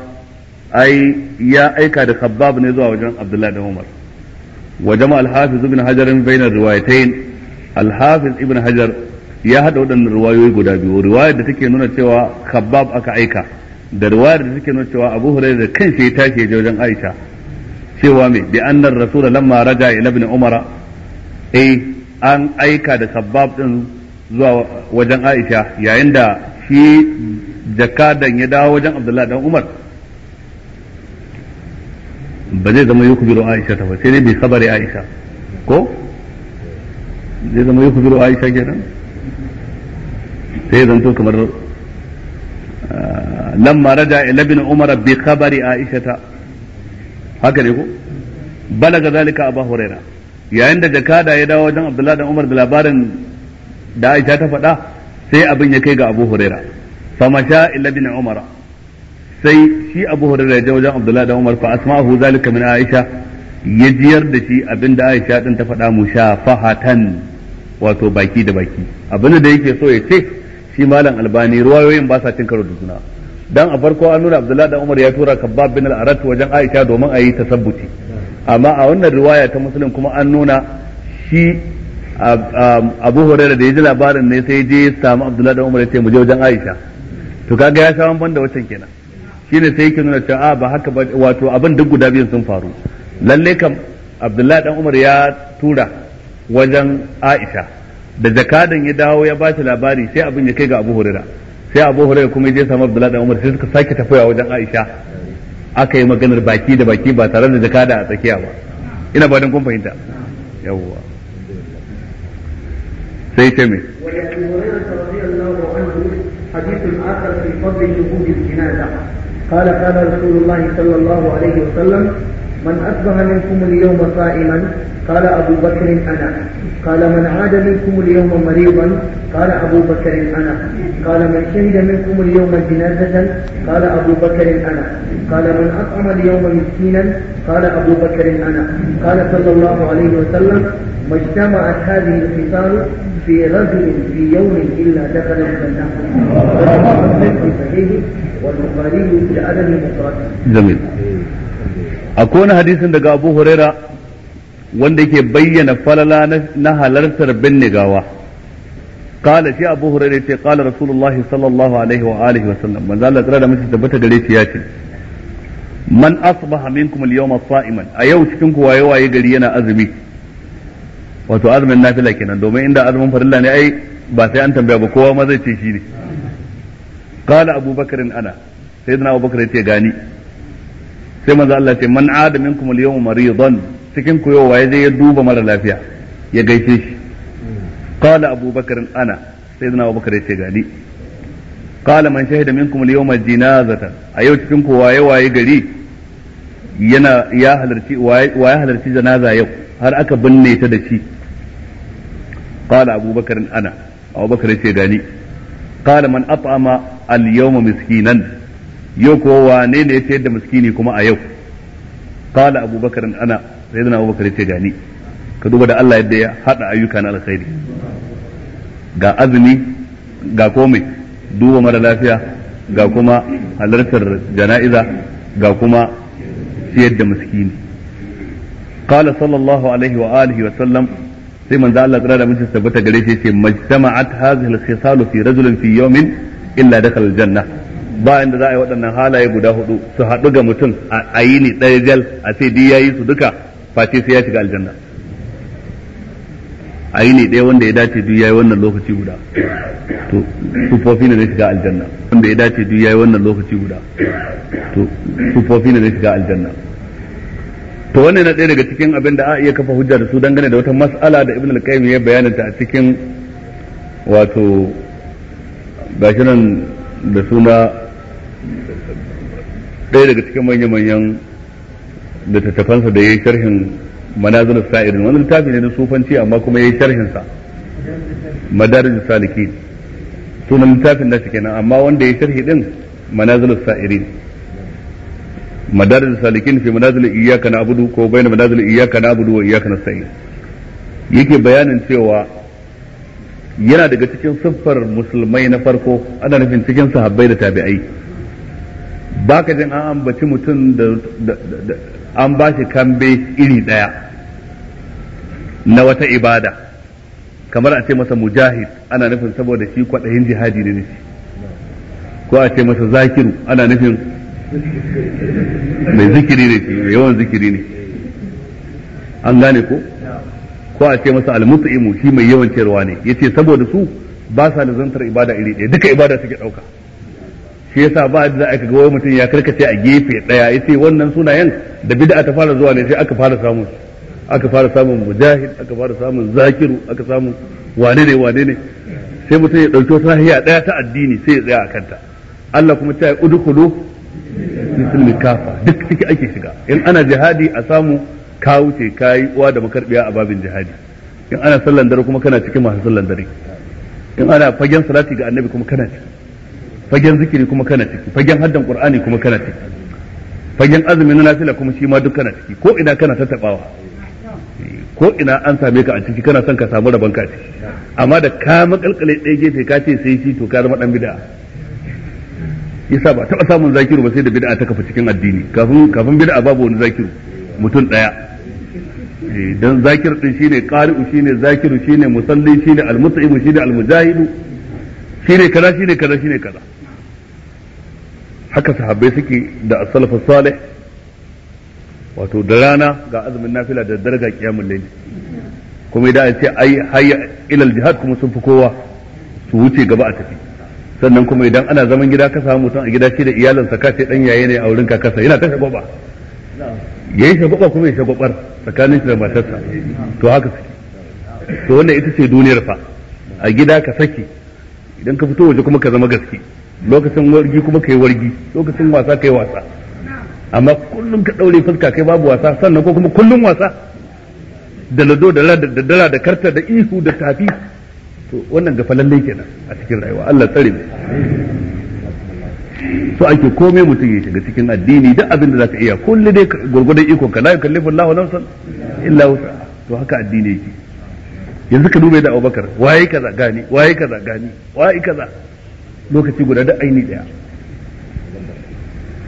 ai ya aika da khabbab ne zuwa wajen abdullahi da umar wa jama al-hafiz ibn hajar bayna riwayatayn al-hafiz ibn hajar ya hada wadannan riwayoyi guda biyu riwayar da take nuna cewa khabbab aka aika da riwayar da take nuna cewa abu hurairah da kansa ya tashi je wajen aisha cewa me bi annar rasul lamma raja ila ibn umar eh an aika da khabbab din zuwa wajen Aisha yayin da shi jakadan ya dawo wajen Abdullahi dan Umar ba zai zama biro Aisha ta ba sai ne bi khabari Aisha ko zai zama biro Aisha kenan sai zan to kamar ah, lamma raja ila bin Umar bi khabari Aisha ta haka ne ko balaga zalika Abu Hurairah yayin da jakada ya dawo wajen Abdullahi dan Umar da labarin da Aisha ta faɗa sai abin ya kai ga Abu Huraira famasha illa bin Umar sai shi Abu Huraira ya je wajen Abdullahi da Umar fa asma'ahu zalika min Aisha ya jiyar da shi abin da Aisha din ta faɗa fahatan wato baki da baki abin da yake so ya ce shi malam Albani ruwayoyin ba sa cin karo da juna dan a farko an nuna Abdullahi da Umar ya tura Kabbab bin al-Arat wajen Aisha domin a yi tasabbuti amma a wannan riwaya ta Muslim kuma an nuna shi abu huraira da ya ji labarin ne sai je samu abdullahi da umar ya ce mu je wajen aisha to kaga ya sha ban da wancan kenan shine sai yake nuna cewa ah, ba haka ba wato abin duk guda biyun sun faru lalle kam abdullahi dan umar ya tura wajen aisha da jakadan ya dawo ya ba shi labari sai abin ya kai ga abu huraira sai abu huraira kuma ya je samu abdullahi dan umar sai suka sake tafiya wajen aisha aka yi maganar baki da baki ba tare da jakada a tsakiya ba ina ba don kun fahimta yawwa sai ta me حديث آخر في فضل شهود الجنازة قال قال رسول الله صلى الله عليه وسلم من أصبح منكم اليوم صائما قال أبو بكر أنا قال من عاد منكم اليوم مريضا قال أبو بكر أنا قال من شهد منكم اليوم جنازة قال أبو بكر أنا قال من أطعم اليوم مسكينا قال أبو بكر أنا قال صلى الله عليه وسلم ما اجتمعت هذه في في يوم إلا دخل جميل أكون أبو هريرة wanda yake bayyana falala na halartar bin nigawa kala shi abu ce kala rasulullahi sallallahu alaihi wa alihi wa sallam manzo Allah tsara da tabbata gare shi ya ce man asbaha minkum al-yawma sa'iman a yau cikin ku waye waye gari yana azumi wato azumin nafila kenan domin inda azumin farilla ne ai ba sai an tambaya ba kowa ma zai ce shi ne qala abubakar ana sai sayyidina abubakar ya ce gani sai manzo Allah ce man ada minkum al-yawma maridan cikin ku yau waye zai ya duba mara lafiya ya gaishe shi qala abubakar ana sai sayyidina abubakar ya ce gani qala man shahida minkum al-yawma jinazatan a yau cikin waye waye gari yana ya halarci janaza yau har aka binne ta da shi qala abubakar ana abubakar ce gani qala man at'ama al-yawma miskinan yau ko wane ne ya da miskini kuma a yau qala abubakar ana sayyidina abubakar ce gani ka duba da Allah yadda ya hada ayyukan na alkhairi ga azumi ga komai duba mara lafiya ga kuma halartar jana'iza ga kuma siyar da miskini qala sallallahu alaihi wa alihi wa sallam sai manzo Allah tsara da mutum tabbata gare shi ce majtama'at hadhihi al-khisalu fi rajulin fi yawmin illa dakhala al-janna ba inda za a yi waɗannan halaye guda hudu su haɗu ga mutum a yini ɗaya jal a ce di yayi su duka face sai ya shiga aljanna Ayi ne ɗaya wanda ya dace duk yayi wannan lokaci guda to sufofi ne na shiga aljanna wanda ya dace duk yayi wannan lokaci guda to sufofi ne na shiga aljanna to wannan na ɗaya daga cikin abin da a iya kafa hujja da su dangane da wata mas'ala da ibn al-qayyim ya bayyana ta a cikin wato gashi nan da suna ɗaya daga cikin manya-manyan littattafansa da ya yi sharhin manazil sa'irin wani littafi ne na sufanci amma kuma yayi sharhin sa madarij salikin sunan littafin nashi kenan amma wanda yayi sharhi din manazil sa'irin madarij salikin fi manazil iyyaka na'budu ko bayna manazil iyyaka na'budu wa iyyaka nasta'in yake bayanin cewa yana daga cikin siffar musulmai na farko ana nufin cikin sahabbai da tabi'ai baka jin an ambaci mutum da an ba shi kambe iri daya na wata ibada kamar a ce masa mujahid ana nufin saboda shi kwaɗayin jihadi ne nufi. ko a ce masa zakiru ana nufin mai zikiri ne shi mai yawan zikiri ne an gane ko ko a ce masa imu shi mai yawan ciyarwa ne Ya ce saboda su ba sa zantar ibada iri ɗaya duka ibada suke ɗauka shi yasa ba da aka ga wai mutum ya karkace a gefe ɗaya Ya ce wannan sunayen da bid'a ta fara zuwa ne sai aka fara samun su aka fara samun mujahid aka fara samun zakiru aka samu wane ne wane ne sai mutum ya ɗauki wata hiya ɗaya ta addini sai ya tsaya a kanta Allah kuma ta yi udukulu musulmi kafa duk ciki ake shiga in ana jihadi a samu ka wuce ka yi uwa da makarbiya a babin jihadi in ana sallan dare kuma kana cikin masu sallan dare in ana fagen salati ga annabi kuma kana ciki fagen zikiri kuma kana ciki fagen haddan qur'ani kuma kana ciki fagen azumi na nafila kuma shi ma duk kana ciki ko ina kana tattabawa ko ina an same ka a ciki kana son ka samu rabon ka ciki amma da ka makalkale ɗaya gefe ka ce sai shi to ka zama dan bid'a yasa ba taɓa samun zakiru ba sai da bid'a ta kafa cikin addini kafin kafin bid'a babu wani zakiru mutum ɗaya eh, dan zakir din shine qari'u shine zakiru shine musalli shine almut'imu shine almujahidu shine kaza shine kaza shine kaza haka sahabbai suke da as salih wato da rana ga azumin nafila da daraja kiyamul layl kuma idan an ce ai hayya ilal jihad kuma sun fi kowa su wuce gaba a tafi sannan kuma idan ana zaman gida ka samu mutum a gida shi da iyalinsa ka ce dan yaye ne a wurin kakarsa yana ta shagwaba yayi shagwaba kuma ya shagwabar tsakanin shi da matarsa to haka suke to wannan ita ce duniyar fa a gida ka saki idan ka fito waje kuma ka zama gaske lokacin wargi kuma ka yi wargi lokacin wasa ka wasa amma kullum ka daure fuska kai babu wasa sannan ko kuma kullum wasa da lado da da dala da karta da ihu da tafi to wannan ga gafalalle kenan a cikin rayuwa Allah tsare mu so ake komai mutum ya shiga cikin addini duk abin da zaka iya kullu dai gurgurdan iko ka la yukallifu Allahu nafsan illa wusa to haka addini yake yanzu ka dube da Abubakar waye kaza gani waye kaza gani waye kaza lokaci guda da aini daya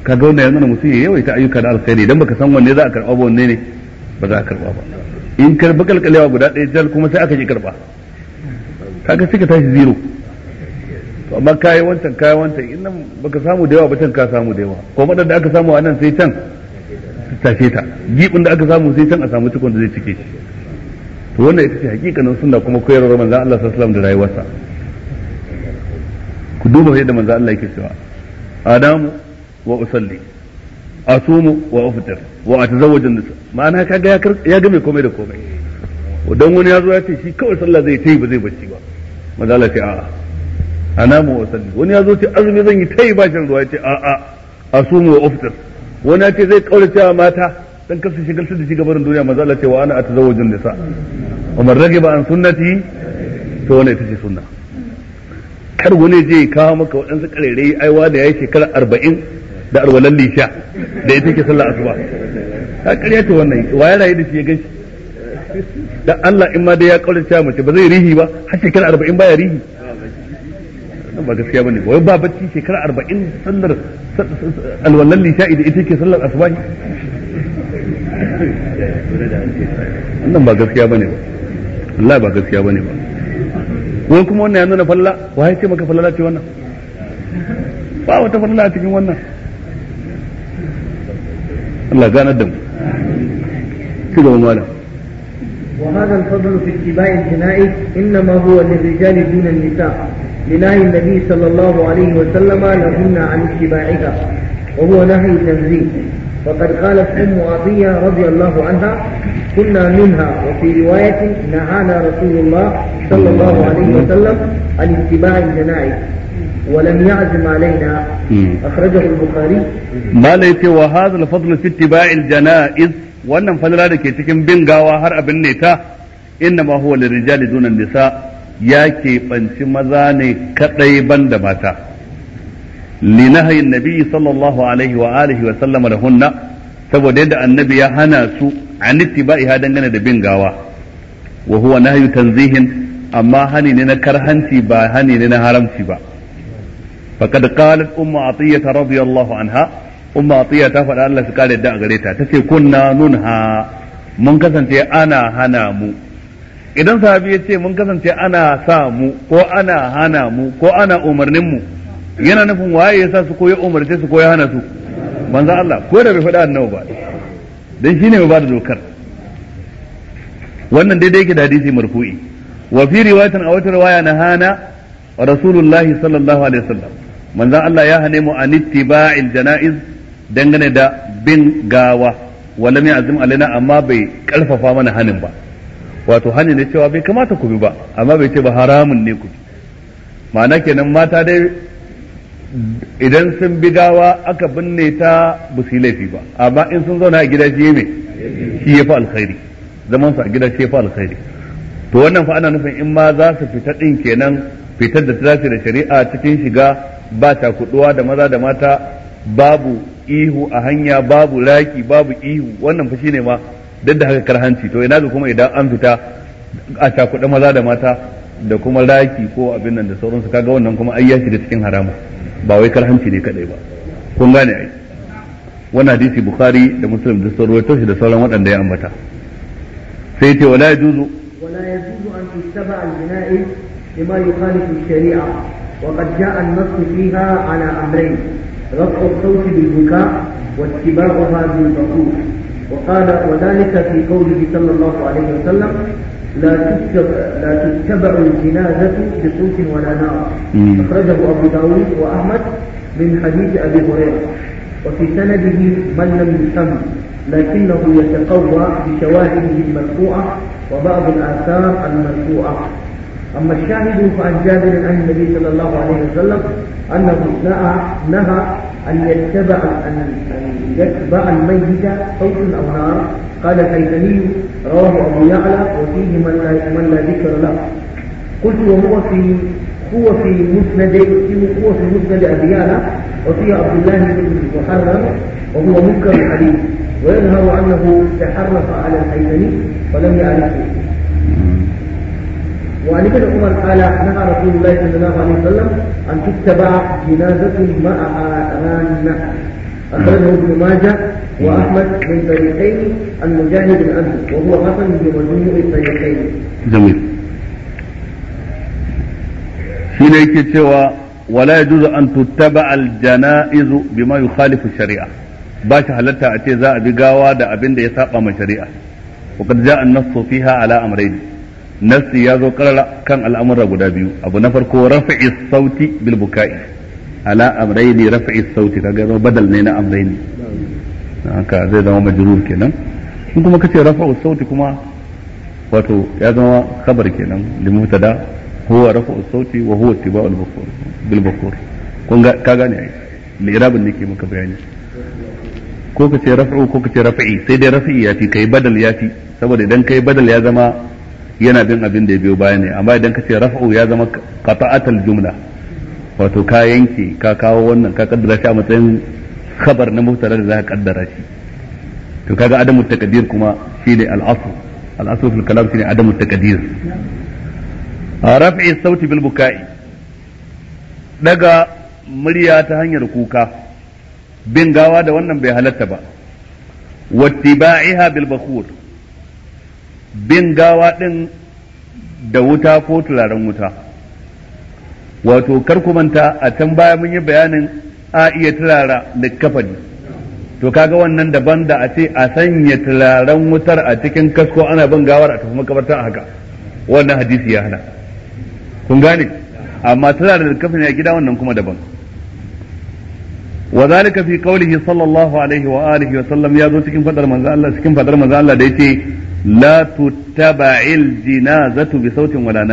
kaga wannan yanzu mutum ya yawaita ayyuka da alkhairi idan baka san wanne za a karba ba wanne ne ba za a karba ba in karba kalkalewa guda ɗaya jal kuma sai aka ji karba kaga sai ka tashi zero to amma kayi wancan kayi wancan in nan baka samu da yawa ba can ka samu da yawa ko madan da aka samu a nan sai can tashe ta gibin da aka samu sai can a samu cikon da zai cike shi to wannan ita ce hakikanin sunna kuma koyarwar manzon Allah sallallahu alaihi wasallam da rayuwarsa ku duba yadda manzon Allah yake cewa Adamu wa usalli asumu wa uftir wa atazawwaju an-nisa ma'ana kaga ya game komai da komai dan wani ya zo ya ce shi kawai sallah zai tayi ba zai bacci ba maza Allah ce a'a anamu wa usalli wani ya zo ce azumi zan yi ta yi ba shan ruwa ya ce a'a asumu wa uftir wani ya ce zai kaurace mata dan kasu shigaltar da shi gabarin duniya maza Allah ce wa ana atazawwaju an-nisa wa rage ba an sunnati to wannan ta ce suna kar wani je kawo maka waɗansu ƙarerai aiwa da ya yi shekarar arba'in da alwalan lisha da ya take sallar asuba ta ƙarya ce wannan waye raye da shi ya shi da Allah in ma dai ya kaura ta mace ba zai rihi ba har shekara 40 baya rihi ba gaskiya bane wai ba bacci shekara 40 sallar alwalan lisha da ita ke sallar asuba. wannan ba gaskiya bane ba Allah ba gaskiya bane ba wai kuma wannan ya nuna falla wai ce maka falla ce wannan ba wata falla a cikin wannan الله قال الدم كذا وما وهذا الفضل في اتباع الجنائز انما هو للرجال دون النساء لنهي النبي صلى الله عليه وسلم لهن عن اتباعها وهو نهي تنزيل وقد قالت ام عطيه رضي الله عنها كنا منها وفي روايه نهانا رسول الله صلى الله عليه وسلم عن اتباع الجنائز ولم يعزم علينا أخرجه البخاري ما ليس وهذا الفضل في اتباع الجنائز wannan falala da ke cikin bin gawa har abin ne ta inna ma huwa lirijali dunan nisa ya keɓanci maza ne kaɗai ban da mata linahayin nabi sallallahu alaihi wa alihi wa sallama da hunna saboda yadda annabi ya hana su an ha dangane da bin gawa wa huwa nahyu tanzihin amma hani ne na karhanci ba hani ne na haramci ba faqad qalat ta atiyya radiyallahu anha ummu atiyya ta faɗa Allah su kare da gare ta ce kunna nunha mun kasance ana hana mu idan sahabi ya ce mun kasance ana sa mu ko ana hana mu ko ana umarnin mu yana nufin waye ya sa su ko ya su ko ya hana su manzo Allah ko bai faɗa annabi ba dan shine mai bada dokar wannan daidai yake da hadisi marfu'i wa a wata riwaya na hana rasulullahi sallallahu manzon Allah ya hane mu an ittiba'il janaiz dangane da bin gawa Wala mai ya'zim alaina amma bai karfafa mana hanin ba wato hanin ne cewa bai kamata ku bi ba amma bai ce ba haramun ne ku bi ma'ana kenan mata dai idan sun bi gawa aka binne ta ba su laifi ba amma in sun zauna a gida shi me shi ya fi alkhairi zaman su a gida shi ya fi alkhairi to wannan fa ana nufin in ma za su fita din kenan fitar da ta dace da shari'a cikin shiga ba kuduwa da maza da mata babu ihu a hanya babu laki babu ihu wannan fa ne ma duk da haka karhanci to ina za kuma idan an fita a kudu maza da mata da kuma laki ko abin nan da sauransu kaga wannan kuma ayyashi ya cikin harama ba wai karhanci ne kadai ba kun gane ai wannan hadisi bukhari da muslim da sauran da sauran waɗanda ya ambata sai ce wala yajuzu wala yajuzu an tisaba al binai yukhalifu shari'a وقد جاء النص فيها على أمرين رفع الصوت بالبكاء واتباعها بالبكوء وقال وذلك في قوله صلى الله عليه وسلم لا تتبع لا تتبع الجنازة بصوت ولا نار أخرجه أبو داود وأحمد من حديث أبي هريرة وفي سنده من لم يسم لكنه يتقوى بشواهده المرفوعة وبعض الآثار المرفوعة أما الشاهد فعن جابر عن النبي صلى الله عليه وسلم أنه نهى أن يتبع أن يتبع الميت صوت أو نار قال الحيثمي رواه أبو يعلى وفيه من لا من لا ذكر له قلت وهو في هو في مسند هو في مسند أبي يعلى وفيه عبد الله بن محرم وهو منكر عليه ويظهر أنه تحرف على الحيثمي فلم يعرفه وعن ابن عمر قال نهى رسول الله صلى الله عليه وسلم ان تتبع جنازه ما اذان اخرجه ابن ماجه واحمد من طريقين المجاهد بن وهو حسن بمجموع الطريقين. جميل. في يكي سوى ولا يجوز ان تتبع الجنائز بما يخالف الشريعه. باش حلتها اتي زاء بقاوة دا ابن دا يساق من شريعة وقد جاء النص فيها على امرين nassi ya zo karara kan al'amura guda biyu abu na farko rafa'i sauti bil buka'i ala amrayni rafa'i sauti kaga zo badal ne na amrayni haka zai zama majrur kenan in kuma kace rafa'u sauti kuma wato ya zama khabar kenan li mubtada huwa rafa'u sauti wa huwa tiba'u bil bukur kun ga ka gane ai ne irabin nake maka bayani ko kace rafa'u ko kace rafa'i sai dai rafa'i ya fi kai badal ya fi saboda idan kai badal ya zama yana bin abin da ya biyo baya ne amma idan ka ce rafa'u ya zama qata'atul jumla wato ka yanke ka kawo wannan ka kaddara shi a matsayin khabar na mutara da za ka kaddara shi to kaga adamu taqdir kuma shine al-asl al-asl fil kalam shine adamu taqdir raf'i sauti bil buka'i daga murya ta hanyar kuka bin gawa da wannan bai halatta ba wattiba'iha bil bakhur bin gawa ɗin da wuta ko turaren wuta wato kar ku manta a can baya mun yi bayanin a iya turara likkafani to kaga wannan daban da a ce a sanya turaren wutar a cikin kasko ana bin gawar a tafi makabarta a haka wannan hadisi ya hana kun gane amma turara likkafani a gida wannan kuma daban وذلك في قوله صلى الله عليه وآله وسلم يا ذو سكين فدر من الله سكين فدر من الله ديتي la tuttaba'il jinazatu bi sautin wala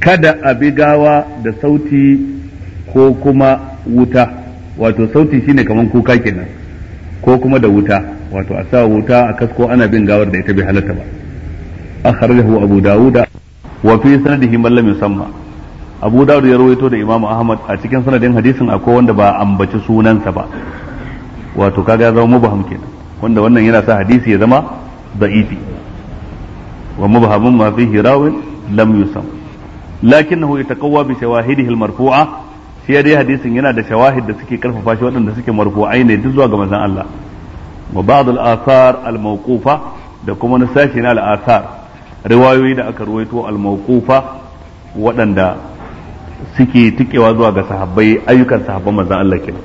kada a bi gawa da sauti ko kuma wuta wato sauti shine kaman kuka kenan ko kuma da wuta wato a sa wuta a kasko ana bin gawar da ita bai halatta ba akhrajahu abu dawuda wa fi sanadihi man lam yusamma abu dawud ya rawaito da imam ahmad a cikin sanadin hadisin akwai wanda ba ambaci sunansa ba wato kaga ya zama mubaham wanda wannan yana sa hadisi ya zama da'ifi wa mubhamun ma fihi rawin lam yusam lakinnahu yataqawwa bi shawahidihi al shi dai hadisin yana da shawahid da suke karfafa shi waɗanda suke marfu'ai ne duk zuwa ga manzon Allah wa ba'd al-athar al-mawqufa da kuma na sashi na al-athar riwayoyi da aka ruwaito al-mawqufa waɗanda suke tikewa zuwa ga sahabbai ayyukan sahabban manzon Allah kenan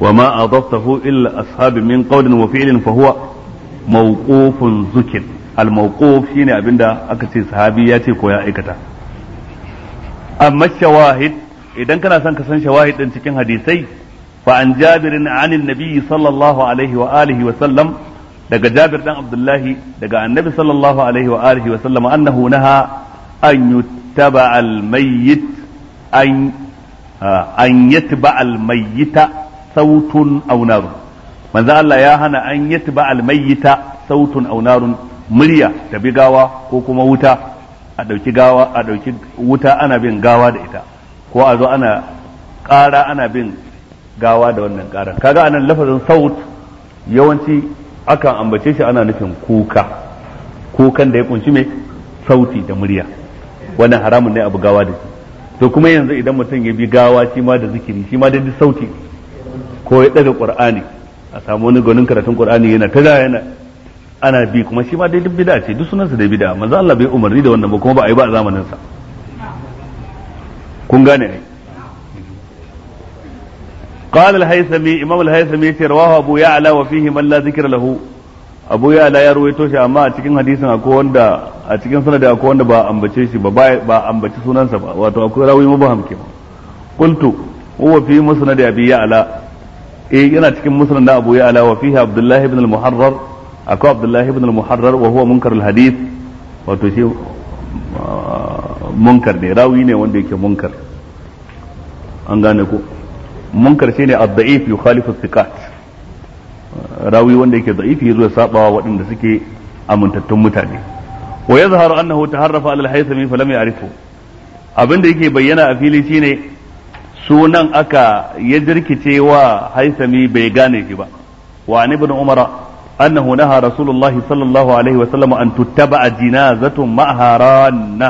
وما أضفته min أصحاب من قول وفعل فهو mawqufun zukin al mawquf shine abinda aka ce sahabi ya ce ko ya aikata amma shawahid idan kana son ka san shawahid din cikin hadisai fa an jabirin anil nabi sallallahu alaihi wa alihi wa sallam daga jabir dan abdullahi daga annabi sallallahu alaihi wa alihi wa sallam annahu naha an yuttaba al mayyit an ah, an yatba al mayyita sautun aw narun manzo Allah ya hana an ba almayyita sautun aw narun murya ta bi gawa ko kuma wuta a dauki gawa a dauki wuta ana bin gawa da ita ko a zo ana ƙara ana bin gawa da wannan ƙara kaga anan lafazin saut yawanci akan ambace shi ana nufin kuka kukan da ya kunshi mai sauti da murya wannan haramun ne abu gawa da shi to kuma yanzu idan mutum ya bi gawa shi ma da zikiri shi ma da sauti ko ya ɗaga ƙur'ani a samu wani gwanin karatun qur'ani yana ta yana ana bi kuma shi ma dai duk bid'a ce duk sunansa dai bid'a manzo Allah bai umarni da wannan ba kuma ba a yi ba a zamanin sa kun gane ne قال الهيثمي امام الهيثمي يتي رواه ابو يعلى وفيه من لا ذكر له ابو يعلى ya ruwe shi amma a cikin hadisin akwai wanda a cikin sanadin akwai wanda ba ambace shi ba ba ambaci sunansa ba wato akwai rawi mubaham ba qultu huwa fi musnad abi ya'la eh yana cikin musulun da Abu Ya'la wa fihi Abdullah ibn al-Muharrar akwai Abdullah ibn al-Muharrar wa huwa munkar al-hadith wato shi ah, munkar ne rawi ne wanda yake munkar an gane ko munkar shine ad-da'if yukhalifu thiqat rawi wanda yake da'ifi yazo ya saba wa waɗanda suke amintattun mutane wa yadhharu annahu taharrafa ala al-haythami falam ya'rifu abinda yake bayyana a fili shine sunan aka ya jirkice wa haisami bai gane shi ba wa ni ibn umara annahu naha rasulullahi sallallahu alaihi wa sallam an tuttaba jinazatun ma'haranna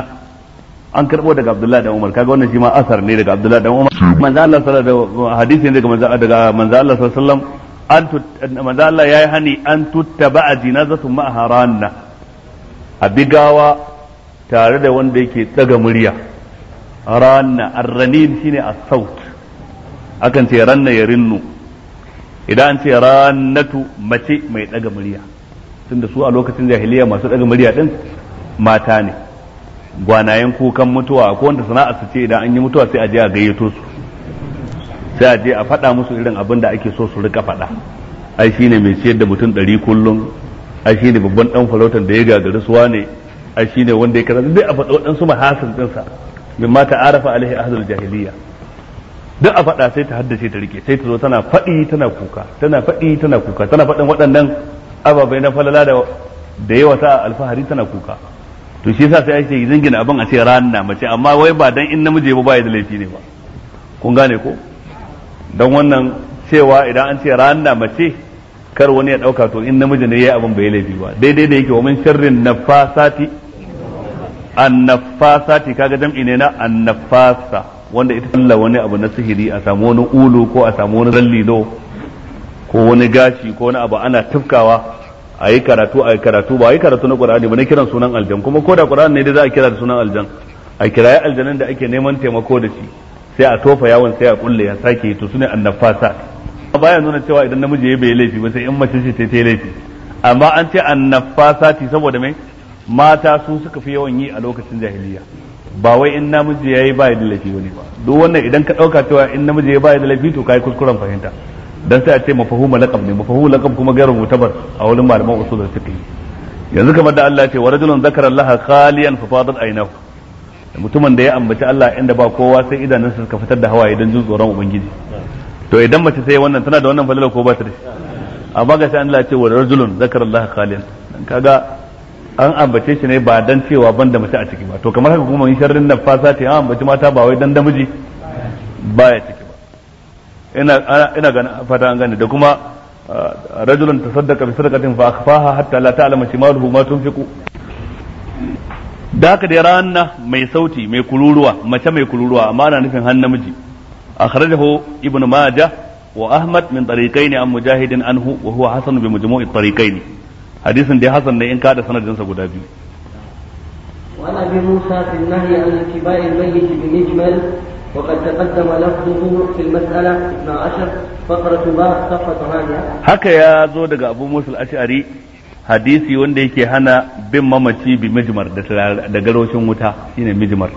an karbo daga abdullahi dan umar kaga wannan shi ma asar ne daga abdullahi dan umar manzo Allah sallallahu alaihi hadisi ne daga manzo daga manzo Allah sallallahu alaihi sallam an manzo Allah yayi hani an tuttaba jinazatun ma'haranna abigawa tare da wanda yake tsaga murya ranna arranin shine as-saut akan ce ranna ya rinnu idan ce rannatu mace mai daga murya tunda su a lokacin jahiliya masu daga murya din mata ne gwanayen kukan mutuwa ko wanda sana'a su ce idan an yi mutuwa sai a je a gayyato su sai a je a faɗa musu irin abin da ake so su rika faɗa ai shine mai ciyar da mutum ɗari kullum ai shine babban dan farautan da ya gagari suwa ne ai shine wanda ya karanta dai a faɗa waɗansu mahasin ɗinsa min mimma ta'arafa alaihi ahlul jahiliya duk a faɗa sai ta haddace ta rike sai ta zo tana faɗi tana kuka tana faɗi tana kuka tana faɗin waɗannan ababai na falala da da yawa ta alfahari tana kuka to shi yasa sai ake zingin abin a ce rana mace amma wai ba dan in namiji ba bai da laifi ne ba kun gane ko dan wannan cewa idan an ce rana mace kar wani ya ɗauka to in namiji ne yayi abin bai laifi ba daidai da yake wa min sharrin nafasati annafasati kaga jam'i ne na annafasa wanda ita talla wani abu na sihiri a samu wani ulu ko a samu wani rallilo ko wani gashi ko wani abu ana tufkawa a yi karatu a yi karatu ba a yi karatu na qur'ani ba na kiran sunan aljan kuma ko da qur'ani ne dai za a kira da sunan aljan a kiraye aljanan da ake neman taimako da shi sai a tofa yawon sai a kulle ya sake to sune annafasa baya nuna cewa idan namiji ya bai laifi ba sai in mace ce ta yi laifi amma an ce annafasati saboda mai mata su suka fi yawan yi a lokacin jahiliya ba wai in namiji yayi ba da laifi wani ba duk wannan idan ka dauka cewa in namiji ya ba da laifi to kai kuskuren fahimta dan sai a ce mafahumul laqab ne mafahumul laqab kuma gairu mutabar a wurin malaman usul fiqh yanzu kamar da Allah ya ce wa rajulun zakara Allah khaliyan fa fadat aynahu mutumin da ya ambaci Allah inda ba kowa sai idanunsa suka fitar da hawaye idan jin tsoron ubangiji to idan mace sai wannan tana da wannan falala ko ba ta da amma ga sai Allah ya ce wa rajulun zakara Allah khaliyan kaga an ambace shi ne ba dan cewa ban da mace a ciki ba to kamar haka kuma in sharrin fasa ce an ambaci mata ba wai dan namiji ya ciki ba ina ina ganin fata an gane da kuma ah, rajulun tasaddaqa bi sadaqatin fa akhfaha hatta la ta'lama shimaluhu ma tunfiqu da haka da ranna mai sauti mai kururuwa mace mai kururuwa amma ana nufin han namiji akhrajahu ibnu majah wa ahmad min tariqaini an mujahidin anhu wa huwa hasan bi majmu'i tariqaini hadisin dai hasan ne in ka da sanadin sa guda biyu wa abi musa fi nahyi an kibai al mayyit bi mijmal wa qad taqaddama lafdhuhu fi al mas'ala 12 faqrat ba safa thaniya haka ya zo daga abu Musul al ash'ari hadisi wanda yake hana bin mamaci bi mijmar da garwashin wuta shine mijmar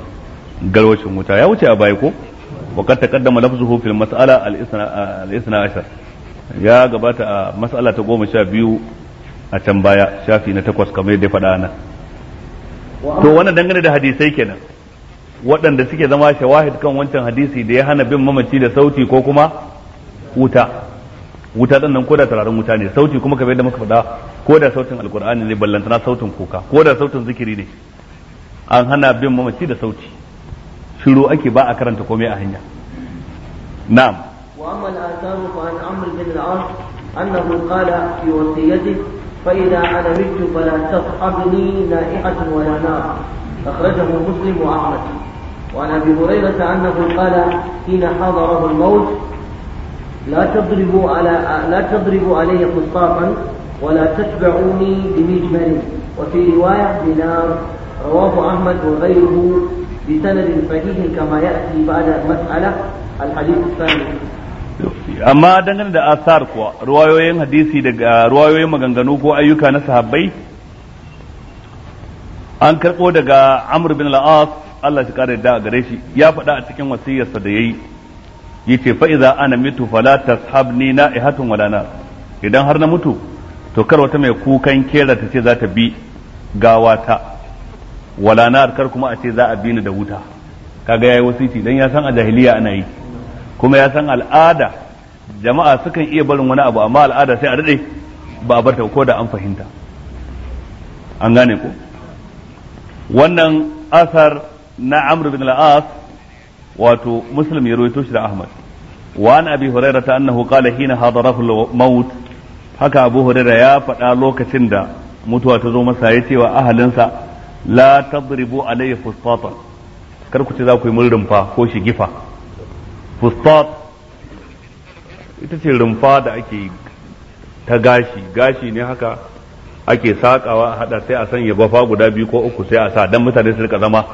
garwashin wuta ya wuce a baya ko wa qad taqaddama lafdhuhu fi al mas'ala al 12 ya gabata a mas'ala ta 12 a can baya shafi na takwas kamar yadda faɗa nan to wani dangane da hadisai kenan waɗanda suke zama shawahid kan wancan hadisi da ya hana bin mamaci da sauti ko kuma wuta wuta ɗan nan koda turaren wuta ne sauti kuma kamar yadda muka faɗa da sautin alkur'ani ne ballantana sautin kuka ko da sautin zikiri ne an hana bin mamaci da sauti shiru ake ba a karanta komai a hanya na'am wa amma al عمرو بن العاص amr قال في وصيته فإذا أنا مت فلا تصحبني نائحة ولا نار أخرجه مسلم وأحمد وعن أبي هريرة أنه قال حين حضره الموت لا تضربوا على لا تضربوا علي قصاصا ولا تتبعوني بمجمل وفي رواية بنار رواه أحمد وغيره بسند صحيح كما يأتي بعد المسألة الحديث الثاني amma dangane da asar kuwa ruwayoyin hadisi daga ruwayoyin maganganu ko ayyuka na sahabbai an karɓo daga amr bin al-as Allah shi kare da gare shi ya faɗa a cikin wasiyarsa da yayi yace fa iza ana mitu fala tashabni na'ihatun wala walana, idan har na mutu to kar wata mai kukan kera ta ce za ta bi gawata wala kar kuma a ce za a bi ni da wuta kaga yayi wasiti dan ya san a jahiliya ana yi kuma ya san al'ada jama'a sukan iya barin wani abu amma al'ada sai a daɗe ba a barta ko da an fahimta an gane ko wannan asar na amr bin al'as wato muslim ya rawaito shi da ahmad wa an abi hurairah ta annahu qala hina hadarahu maut haka abu hurairah ya faɗa lokacin da mutuwa ta zo masa yace wa ahalinsa la tadribu alayhi fustatan kar ku ce za ku yi murrin fa ko shi gifa fustat ita ce rumfa da ake ta gashi gashi ne haka ake sakawa a hada sai a sanya bafa guda biyu ko uku sai a sa dan mutane su rika zama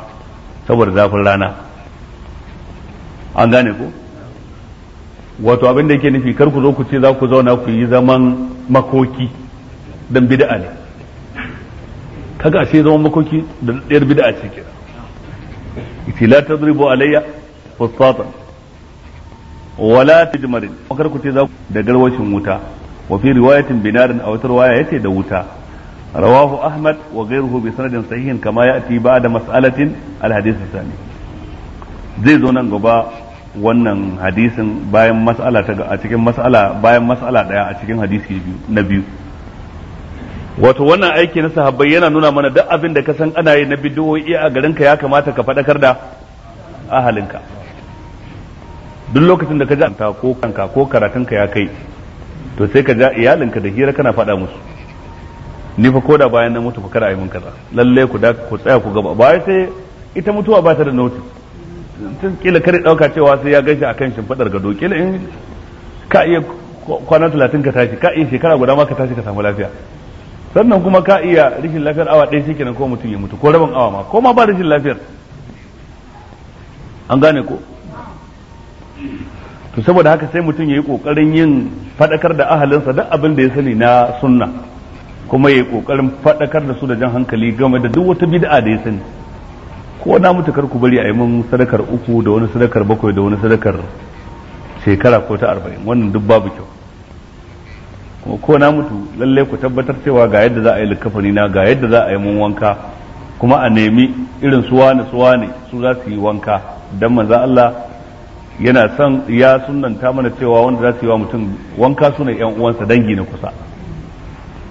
saboda zafin rana an gane ku wato abin da yake nufi kar ku zo ku ce za ku zauna ku yi zaman makoki dan bid'a ne kaga ashe zaman makoki da ɗayar bid'a ce kira ita la tadribu alayya fustatan wala tijmarin kar ku ce za ku da garwashin wuta wa fi riwayatin binarin a wata riwaya yace da wuta rawahu ahmad wa ghayruhu bi sanadin sahihin kama ya'ti ba'da mas'alatin al hadith sani zai zo nan gaba wannan hadisin bayan mas'ala ta a cikin mas'ala bayan mas'ala daya a cikin hadisi biyu na biyu wato wannan aiki na sahabbai yana nuna mana duk abin da ka san ana yi na iya a garinka ya kamata ka faɗakar da ahalinka duk lokacin da ka ji ta ko kanka ko karatunka ya kai to sai ka ja iyalinka da hira kana faɗa musu ni fa koda bayan na mutu fa kada ayi mun kaza lalle ku da ku tsaya ku gaba ba sai ita mutuwa ba ta da noti tun kila kare dauka cewa sai ya gaishe akan shimfidar gado kila in ka iya kwana talatin ka tashi ka iya shekara guda ma ka tashi ka samu lafiya sannan kuma ka iya rashin lafiyar awa ɗaya shikenan ko mutum ya mutu ko rabin awa ma ko ma ba rashin lafiyar an gane ko to saboda haka sai mutum yayi kokarin yin fadakar da ahalinsa duk abin da ya sani na sunna kuma yayi kokarin fadakar da su da jan hankali game da duk wata bid'a da ya sani ko na mutu kar ku bari a yi mun sadakar uku da wani sadakar bakwai da wani sadakar shekara ko ta arba'in wannan duk babu kyau kuma ko na mutu lalle ku tabbatar cewa ga yadda za a yi likafani na ga yadda za a yi mun wanka kuma a nemi irin suwa ne suwa ne su za su yi wanka dan manzo Allah yana son ya sunanta mana cewa wanda za su yi wa mutum wanka suna yan uwansa dangi na kusa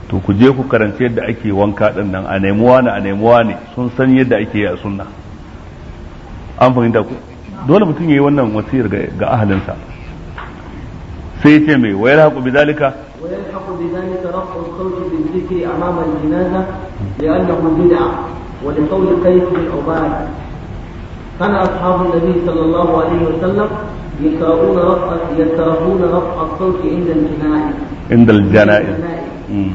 to ku je ku karanci yadda ake wanka din nan a nemi ne a nemi ne sun san yadda ake yi a sunna an fahimta ku dole mutum yayi wannan wasiyar ga ahalinsa sai ya ce mai wayar haƙu bi zalika ويلحق بذلك رفع الصوت بالذكر أمام الجنازة لأنه بدعة ولقول قيس بن عباد كان أصحاب النبي صلى الله عليه وسلم يكرهون رفع يكرهون رفع الصوت عند الجنائز عند الجنائز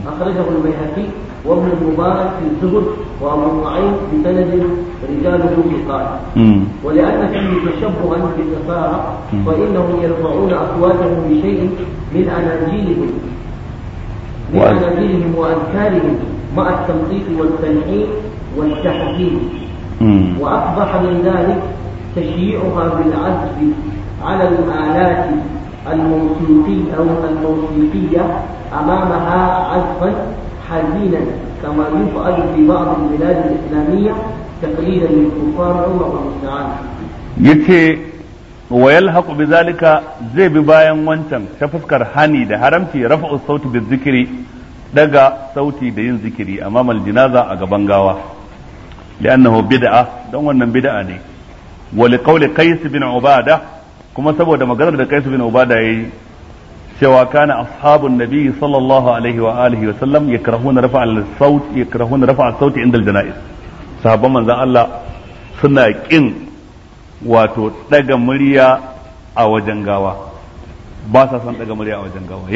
أخرجه البيهقي وابن المبارك في الزهد وابو الطعيم بسند رجاله ثقات ولان فيه تشبها التفاهه فانهم يرفعون اصواتهم بشيء من اناجيلهم من اناجيلهم واذكارهم مع التنقيط والتلحين والتحكيم وأفضح من ذلك تشييعها بالعزف على الآلات الموسيقية أو الموسيقية أمامها عزفا حزينا كما يفعل في بعض البلاد الإسلامية تقليدا للكفار والله المستعان. يتي ويلحق بذلك زي بباين وانتم تفسكر هاني ده هرمتي رفع الصوت بالذكر daga sauti da yin zikiri amam aljinaza a gaban gawa li'annahu bid'a dan wannan bid'a ne wa liqawli qais bin ubada kuma saboda maganar da qais bin ubada yayi cewa kana ashabun nabi sallallahu alaihi wa alihi wa sallam yakrahuna rafa al-saut yakrahuna rafa al-saut inda al-janaiz sahabban manzon Allah suna kin wato daga murya a wajen gawa ba sa son murya a wajen gawa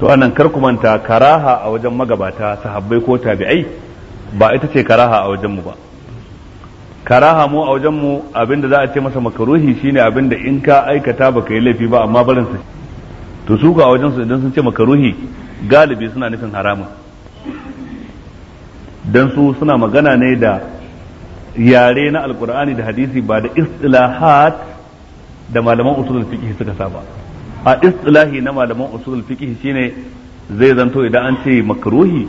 to anan kar ku manta karaha a wajen magabata sahabbai ko tabi'ai ba ita ce karaha a wajenmu ba karaha mu a wajenmu abinda za a ce masa makaruhi shine abinda in ka aikata ba ka yi laifi ba amma barin su to su ka a wajensu idan sun ce makaruhi galibi suna nufin haramun dan su suna magana ne da yare na alkur'ani da hadisi ba da istilahat da malaman usulul fiqh suka saba a istilahi na malaman usulul fiqh shine zai zanto idan an ce makaruhi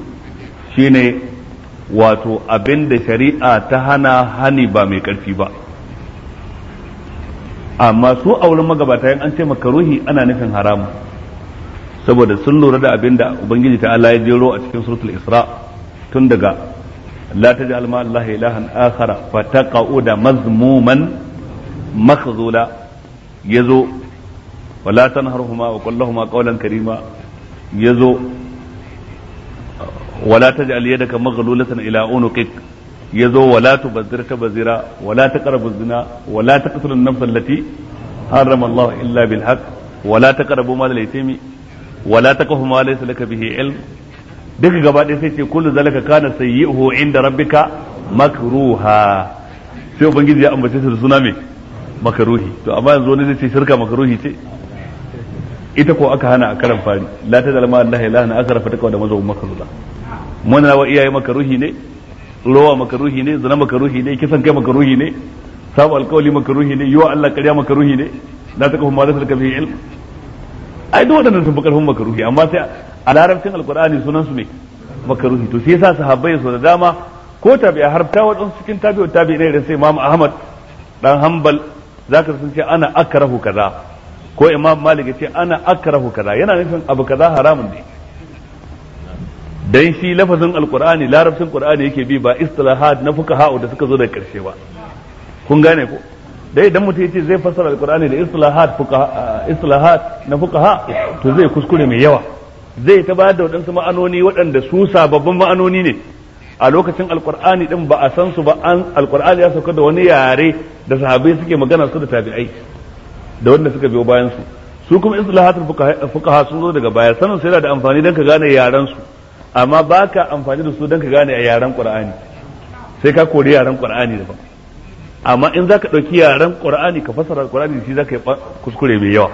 shine wato abin da shari'a ta hana hani ba mai ƙarfi ba amma su a wurin magabata yan an ce makaruhi ana nufin haramu saboda sun lura da abin da ubangiji ta Allah ya jero a cikin suratul isra tun daga la taj'al ma Allah ilahan akhara fa taqauda mazmuman makhzula yazo wala tanharhuma wa qul lahumu qawlan karima yazo wala taj'al yadaka maghlulatan ila unuqik yazo wala tubazzir tabzira wala taqrabu zina wala taqtulun nafsa allati harrama Allah illa bil haqq wala taqrabu mal al-yatimi wala taqfu ma laysa bihi duka gaba ɗaya sai ce kullu zalika kana sayyi'uhu inda rabbika makruha sai ubangiji ya ambace su da suna me makaruhi to amma yanzu wani zai ce shirka makaruhi ce ita ko aka hana a karan fari la ta zalma Allah a akara fa takawa da mazhabin makaruha muna wa iyaye makaruhi ne lowa makaruhi ne zina makaruhi ne kisan kai makaruhi ne sabu alkawali makaruhi ne yiwa Allah ƙarya makaruhi ne la ta kafa malaka ka fi ilm ai duk waɗannan sun fi karfin makaruhi amma sai a larabcin alkur'ani sunan su ne makaruhi to sai yasa sahabbai su da dama ko tabi a harfta wadansu cikin tabi wa tabi ne irin sai Imam Ahmad dan Hanbal zaka sun ce ana akrahu kaza ko Imam Malik ya ce ana akrahu kaza yana nufin abu kaza haramun ne dan shi lafazin alqur'ani larabcin qur'ani yake bi ba istilahat na fuqaha da suka zo daga karshe ba kun gane ko dai idan mutum yace zai fassara alqur'ani da istilahat fuqaha ah, istilahat na fuqaha to zai kuskure mai yawa zai ta bayar da waɗansu ma'anoni waɗanda su sababbin ma'anoni ne a lokacin alqur'ani din ba a san su ba an alqur'ani ya sauka da wani yare da sahabbai suke magana su da tabi'ai da wanda suka biyo bayan su su kuma istilahatul fuqaha sun zo daga baya sanin sai da amfani dan ka gane yaran su amma ba ka amfani da su don ka gane a yaren qur'ani sai ka kori yaren qur'ani daban amma in za ka ɗauki yaren qur'ani ka fasara qur'ani shi za ka yi kuskure mai yawa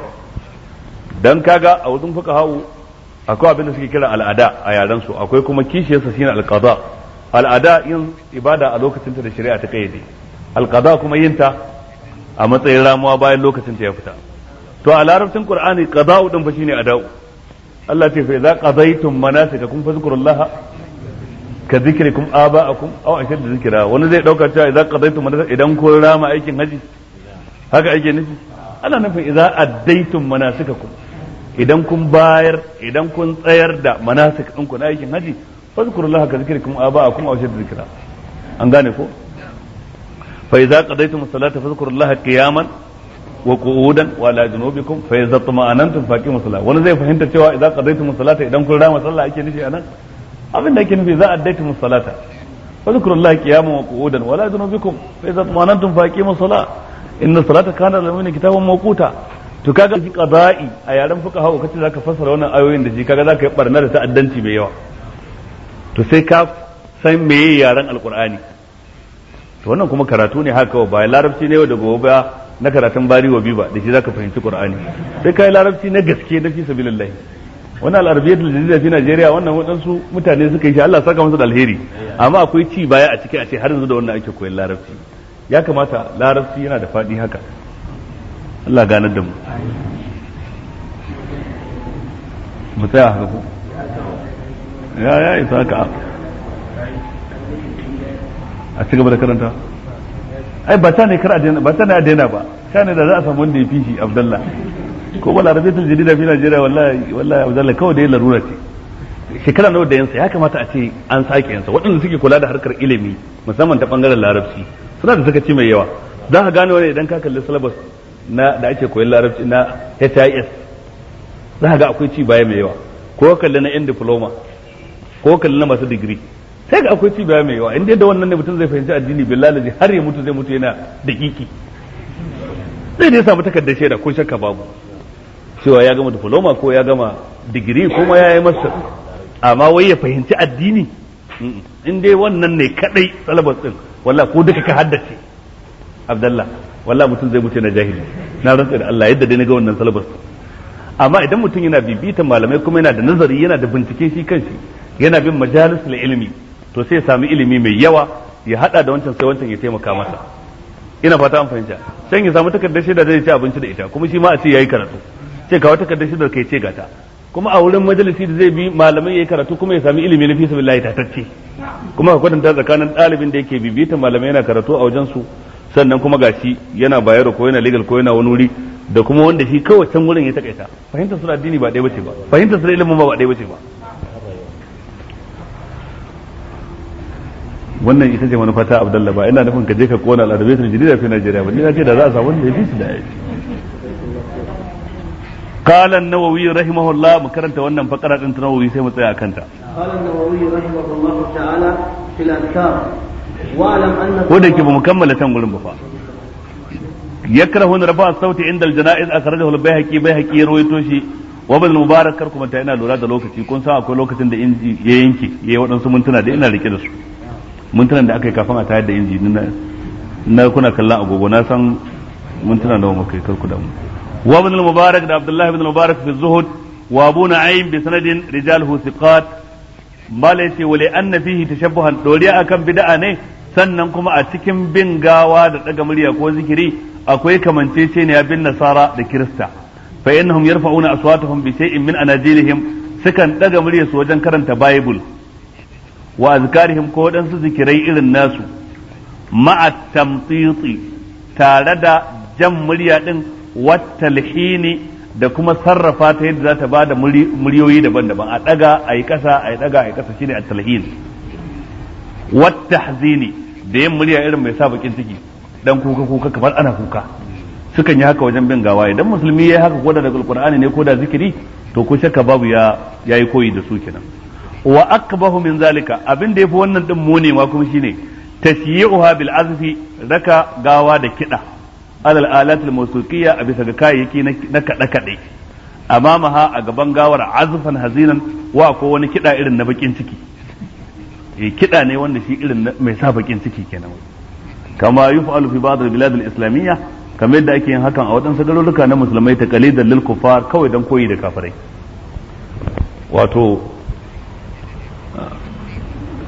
dan kaga a wajen fuka hau akwai abin da suke kira al'ada a yaren su akwai kuma kishiyarsa shine alqada al'ada yin ibada a lokacin ta da shari'a ta kayyade alqada kuma yin ta a matsayin ramuwa bayan lokacin ta ya fita to a larabcin qur'ani qada'u din fa shine ada'u Allah ce fa idza qadaytum manasikakum fadhkurullaha ka zikrikum aba'akum aw ashad zikra wani zai dauka cewa idza qadaytum manasik idan kun rama aikin haji haka ake nufi ana nufin idza addaytum manasikakum idan kun bayar idan kun tsayar da manasik ɗinku na aikin haji fadhkurullaha ka zikrikum aba'akum aw ashad zikra an gane ko fa idza qadaytum salata fadhkurullaha qiyaman wa qu'udan wa junubikum fa idza salat wani zai fahimta cewa idza a salata idan kun rama sallah ake nufi anan abin da ake nufi za addaytum salata fa zikrullahi qiyaman wa qu'udan wa ala junubikum fa idza tuma'anantum salat salata kana lil mu'minina kitaban mawquta to kaga ji qada'i a yaren hawo kace zaka fassara wannan ayoyin da ji kaga zaka yi barna da ta'addanci mai yawa to sai ka san meye yaren alqur'ani to wannan kuma karatu ne haka ba larabci ne da gobe ba na karatun bari wa biba da shi zaka fahimci qur'ani sai kai larabci na gaske na fi sabilillahi wannan al'arabiyyar da fi Najeriya wannan waɗansu mutane suka yi shi Allah saka musu da alheri amma akwai ci baya a ciki a ce har yanzu da wannan ake koyan larabci ya kamata larabci yana da faɗi haka Allah ganar da mu mu tsaya haka ko ya ya isa haka a cigaba da karanta ai ba ta ne kar a daina ba ta ne a daina ba ta ne da za a samu wanda ya fi shi abdullah ko ba larabitul jadida fi najeriya wallahi wallahi abdullah kawai da larura ce shekara nawa da yansa ya kamata a ce an sake yansa waɗanda suke kula da harkar ilimi musamman ta bangaren larabci suna da sakaci mai yawa za ka gane wani idan ka kalli syllabus na da ake koyon larabci na HIS za ka ga akwai ci baya mai yawa ko kalli na yan diploma ko kalli na masu digiri sai ga akwai cibiya mai yawa inda da wannan ne mutum zai fahimci addini billahi har ya mutu zai mutu yana kiki zai ne samu takardar shaida ko shakka babu cewa ya gama diploma ko ya gama digiri ko ma ya yi masa amma wai ya fahimci addini in dai wannan ne kadai salabar din wallah ko duka ka haddace abdallah wallah mutum zai mutu na jahili na rantsa da Allah yadda dai na ga wannan salabar amma idan mutum yana bibitan malamai kuma yana da nazari yana da bincike shi kanshi yana bin majalisul ilmi to sai ya sami ilimi mai yawa ya hada da wancan sai wancan ya taimaka masa ina fata an fahimta can ya samu takardar shaida zai ci abinci da ita kuma shi ma a ce yayi karatu ce kawo takardar shaidar kai ce gata kuma a wurin majalisi da zai bi malamai yayi karatu kuma ya sami ilimi na fi sabilillahi tatacce kuma ka kwatanta tsakanin ɗalibin da yake ta malamai yana karatu a wajen su sannan kuma gashi yana bayar ko yana legal ko yana wani wuri da kuma wanda shi kawai can wurin ya takaita fahimtar su addini ba ɗaya bace ba fahimtar su ilimin ba ba ɗaya bace ba wannan ita ce manufa ta abdallah ba ina nufin ka je ka kona al'adabai sun jirida fi najeriya ba ni na ce da za a samu wanda ya fi su da ya ce قال النووي رحمه الله مكرنت وانا فقرة انت نووي سيما كنت قال النووي رحمه الله تعالى في الأذكار واعلم أن ودك بمكملة تنقل بفا يكره رفع الصوت عند الجنائز أخرجه البيهقي بيهقي رويته شيء wabal mubarak kar kuma ta ina lura da lokaci kun san akwai lokacin da ya yanke ya yi waɗansu mintuna da ina rike da su mintunan da aka yi kafin a tayar da inji na kuna kallon agogo na san mintuna nawa wa makai karku da mu wa ibn al-mubarak da abdullahi ibn al-mubarak fi zuhud wa abu na'im bi sanadin Rijal rijaluhu thiqat mala yace wa anna fihi tashabbuhan doriya akan bid'a ne sannan kuma a cikin bin gawa da daga murya ko zikiri akwai kamanceceniya bin nasara da kirista fa innahum yarfa'una aswatahum bi shay'in min anajilihim sukan daga murya su wajen karanta bible wa azkarihim ko waɗansu zikirai irin nasu ma'a tamtiti tare da jan murya din wattalhini da kuma sarrafa ta yadda za ta ba da muryoyi daban-daban a ɗaga a yi ƙasa a yi ɗaga a yi ƙasa shine at-talhin hazini da yin murya irin mai sa bakin ciki dan kuka kuka kamar ana kuka sukan yi haka wajen bin gawa idan musulmi yayi haka ko da daga alqur'ani ne ko da zikiri to ko shakka babu ya yayi koyi da su kenan wa akbahu min zalika abin da yafi wannan din mone ma kuma shine tashyi'uha bil azfi raka gawa da kida alal alat al musiqiyya a bisa ga kayayyaki na kada kade amamaha a gaban gawar azfan hazinan wa ko wani kida irin na bakin ciki eh kida ne wanda shi irin mai sa bakin ciki kenan kama yuf'alu fi ba'd al bilad al islamiyya kamar yadda ake yin hakan a waɗansu garuruka na musulmai ta kalidan lil kufar kawai dan koyi da kafirai wato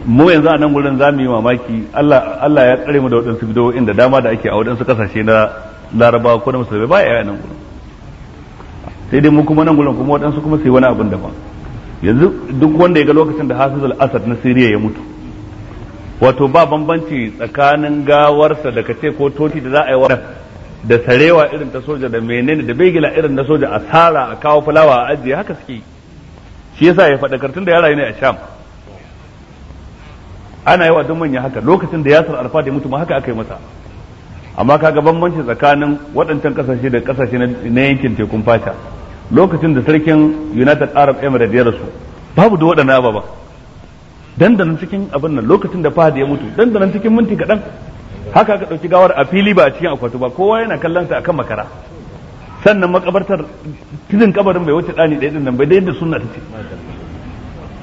mu yanzu a nan gurin za mu yi mamaki Allah ya tsare mu da waɗansu bidowoyin da dama da ake a waɗansu kasashe na larabawa ko na musulmai ba ya nan gurin sai dai mu kuma nan gurin kuma waɗansu kuma sai wani abin daban yanzu duk wanda ya ga lokacin da hafiz al-asad na siriya ya mutu wato ba bambanci tsakanin gawarsa da kace ko toti da za a yi wa da sarewa irin ta soja da menene da begila irin na soja a tsara a kawo fulawa a ajiye haka suke shi yasa ya faɗa kartun da yara ne a sham ana yawa don manya haka lokacin da yasir arfa da mutu ma haka aka yi masa amma kaga bambanci tsakanin waɗancan kasashe da kasashe na yankin tekun fata lokacin da sarkin united arab emirates ya rasu babu da waɗannan ababa dandanan cikin abin nan lokacin da fahad ya mutu dandanan cikin minti kaɗan haka aka ɗauki gawar a fili ba a cikin akwatu ba kowa yana kallon ta akan makara sannan makabartar cikin kabarin bai wuce ɗani ɗaya ɗin nan bai da yadda sunna ta ce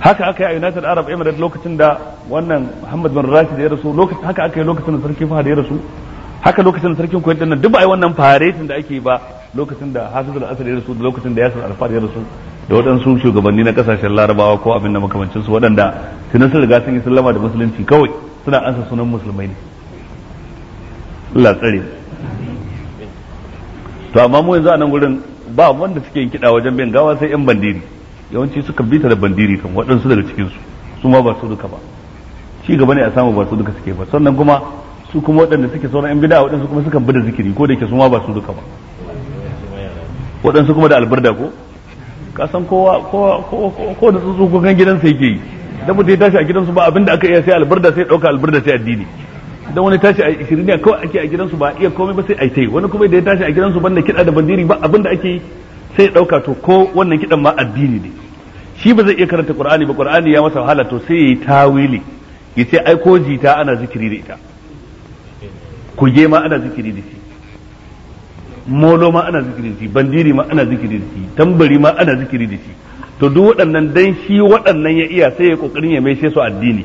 haka aka yi a United Arab Emirates lokacin da wannan Muhammad bin Rashid ya rasu lokacin haka aka yi lokacin da sarki Fahad ya rasu haka lokacin da sarkin Kuwait din duk ba ai wannan faretin da ake ba lokacin da Hafiz da asad ya rasu da lokacin da Yasir Arafat ya rasu da waɗansu shugabanni na kasashen Larabawa ko abin da makamancin su waɗanda tunan sun riga sun yi sallama da musulunci kawai suna ansa sunan musulmai ne Allah tsare to amma mu yanzu a nan gurin ba wanda suke yin kiɗa wajen bin gawa sai yan bandini. yawanci suka bi ta da bandiri kan waɗansu daga cikin su su ma ba su duka ba shi gaba ne a samu ba su duka suke ba sannan kuma su kuma waɗanda suke sauran yan bid'a waɗansu kuma sukan bi da zikiri ko da yake su ma ba su duka ba waɗansu kuma da albarda ko ka san kowa kowa ko da tsutsu ko kan gidansa yake yi da mutum ya tashi a gidansu ba abinda aka iya sai albarda sai ɗauka albarda sai addini dan wani tashi a ishirin ne kawai ake a gidansu ba iya komai ba sai a yi wani kuma da ya tashi a gidansu banda kida da bandiri ba abinda ake yi sai ya to ko wannan kiɗan ma addini ne shi ba zai iya karanta qur'ani ba qur'ani ya masa wahala to sai yayi tawili yace ai ko jita ana zikiri da ita kuge ma ana zikiri da shi molo ma ana zikiri da shi bandiri ma ana zikiri da shi tambari ma ana zikiri da shi to duk waɗannan dan shi waɗannan ya iya sai ya kokarin ya maishe su addini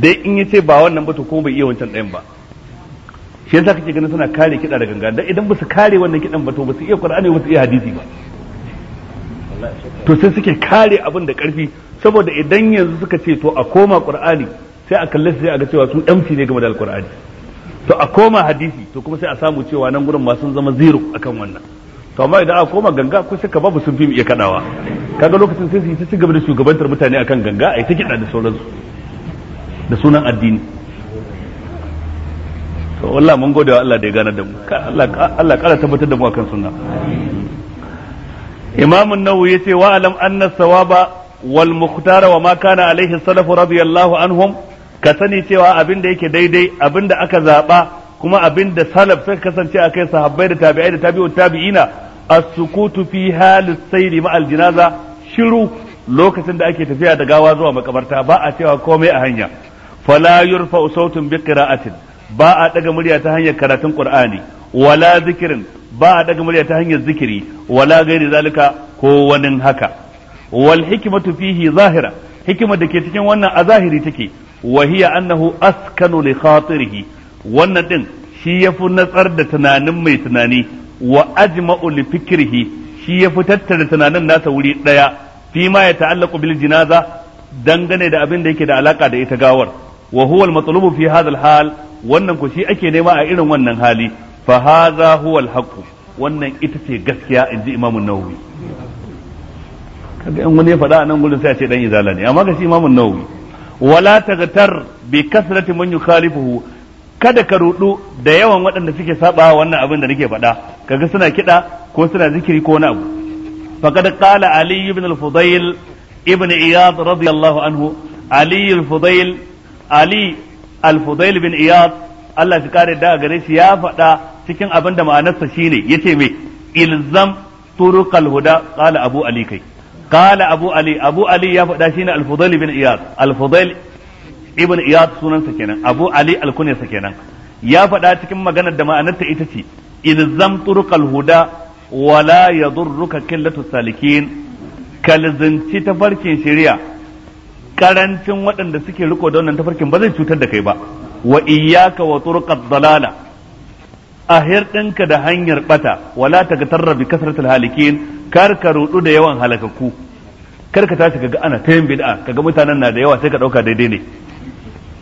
dai in ya ce ba wannan ba to ko bai iya wancan ɗayan ba shi yasa kake ganin suna kare kiɗa da ganga dan idan ba su kare wannan kiɗan ba to ba su iya qur'ani ba su iya hadisi ba to sai suke kare abin da karfi saboda idan yanzu suka ce to a koma qur'ani sai a kalle sai a ga cewa su damci ne game da alqur'ani to a koma hadisi to kuma sai a samu cewa nan gurin ma sun zama zero akan wannan to amma idan a koma ganga ko ka babu sun fi iya kadawa kaga lokacin sai su yi ta cigaba da shugabantar mutane akan ganga ai ta kiɗa da sauransu da sunan addini to wallahi mun gode wa Allah da ya gane da mu Allah Allah kara tabbatar da mu akan sunna imam an ya ce wa alam anna sawaba wal wa ma kana alaihi salafu radiyallahu anhum ka sani cewa abin da yake daidai abin da aka zaɓa kuma abin da salaf suka kasance akai sahabbai da tabi'ai da tabi'ut tabi'ina a sukutu fi halis sayri ma al-janaza shiru lokacin da ake tafiya da gawa zuwa makabarta ba a cewa komai a hanya fala yurfa sautun bi qira'atin ba a ɗaga murya ta hanyar karatun kur'ani wala zikirin ba a daga murya ta hanyar zikiri wala gairi zalika ko wani haka wal hikmatu fihi zahira hikimar da ke cikin wannan a zahiri take wa hiya annahu askanu li khatirihi wannan din shi yafi natsar da tunanin mai tunani wa ajma'u li fikrihi shi yafi tattara tunanin nasa wuri daya fi ma ya ta'allaqu bil jinaza dangane da abin da yake da alaka da ita gawar wa huwa al matlubu fi hadha al hal wannan ku shi ake nema a irin wannan hali fa hadha huwa wannan ita ce gaskiya inji imamun nawawi kaga in wani ya faɗa a nan gurin sai a ce dan izala ne amma ga shi imamun nawawi wala tagtar bi kasrati man yukhalifuhu kada ka rudu da yawan waɗanda suke saba wannan abin da nake faɗa kaga suna kiɗa ko suna zikiri ko wani abu faqad qala ali ibn al-fudayl ibn iyad radiyallahu anhu ali al-fudayl ali al-fudayl bin iyad Allah shi kare da gare shi ya faɗa cikin abin da ma'anarsa shine ce me ilzam turukal huda ƙala abu ali kai ƙala abu ali abu ali ya faɗa shine al alfudal ibn iyad al ibn iyad sunansa kenan abu ali al-kunyasa kenan ya faɗa cikin maganar da ma'anarta ita ce ilzam turukal huda wala ya yadurruka qillatu salikin ta tafarkin shari'a karancin waɗanda suke riko da wannan tafarkin ba zai cutar da kai ba wa iyyaka wa turqat dalala ahir ɗinka da hanyar bata wala tagtarra tarrabi kasratul halikin kar ka rudu da yawan halakaku kar ka tashi kaga ana ta yin bid'a kaga mutanen na da yawa sai ka dauka daidai ne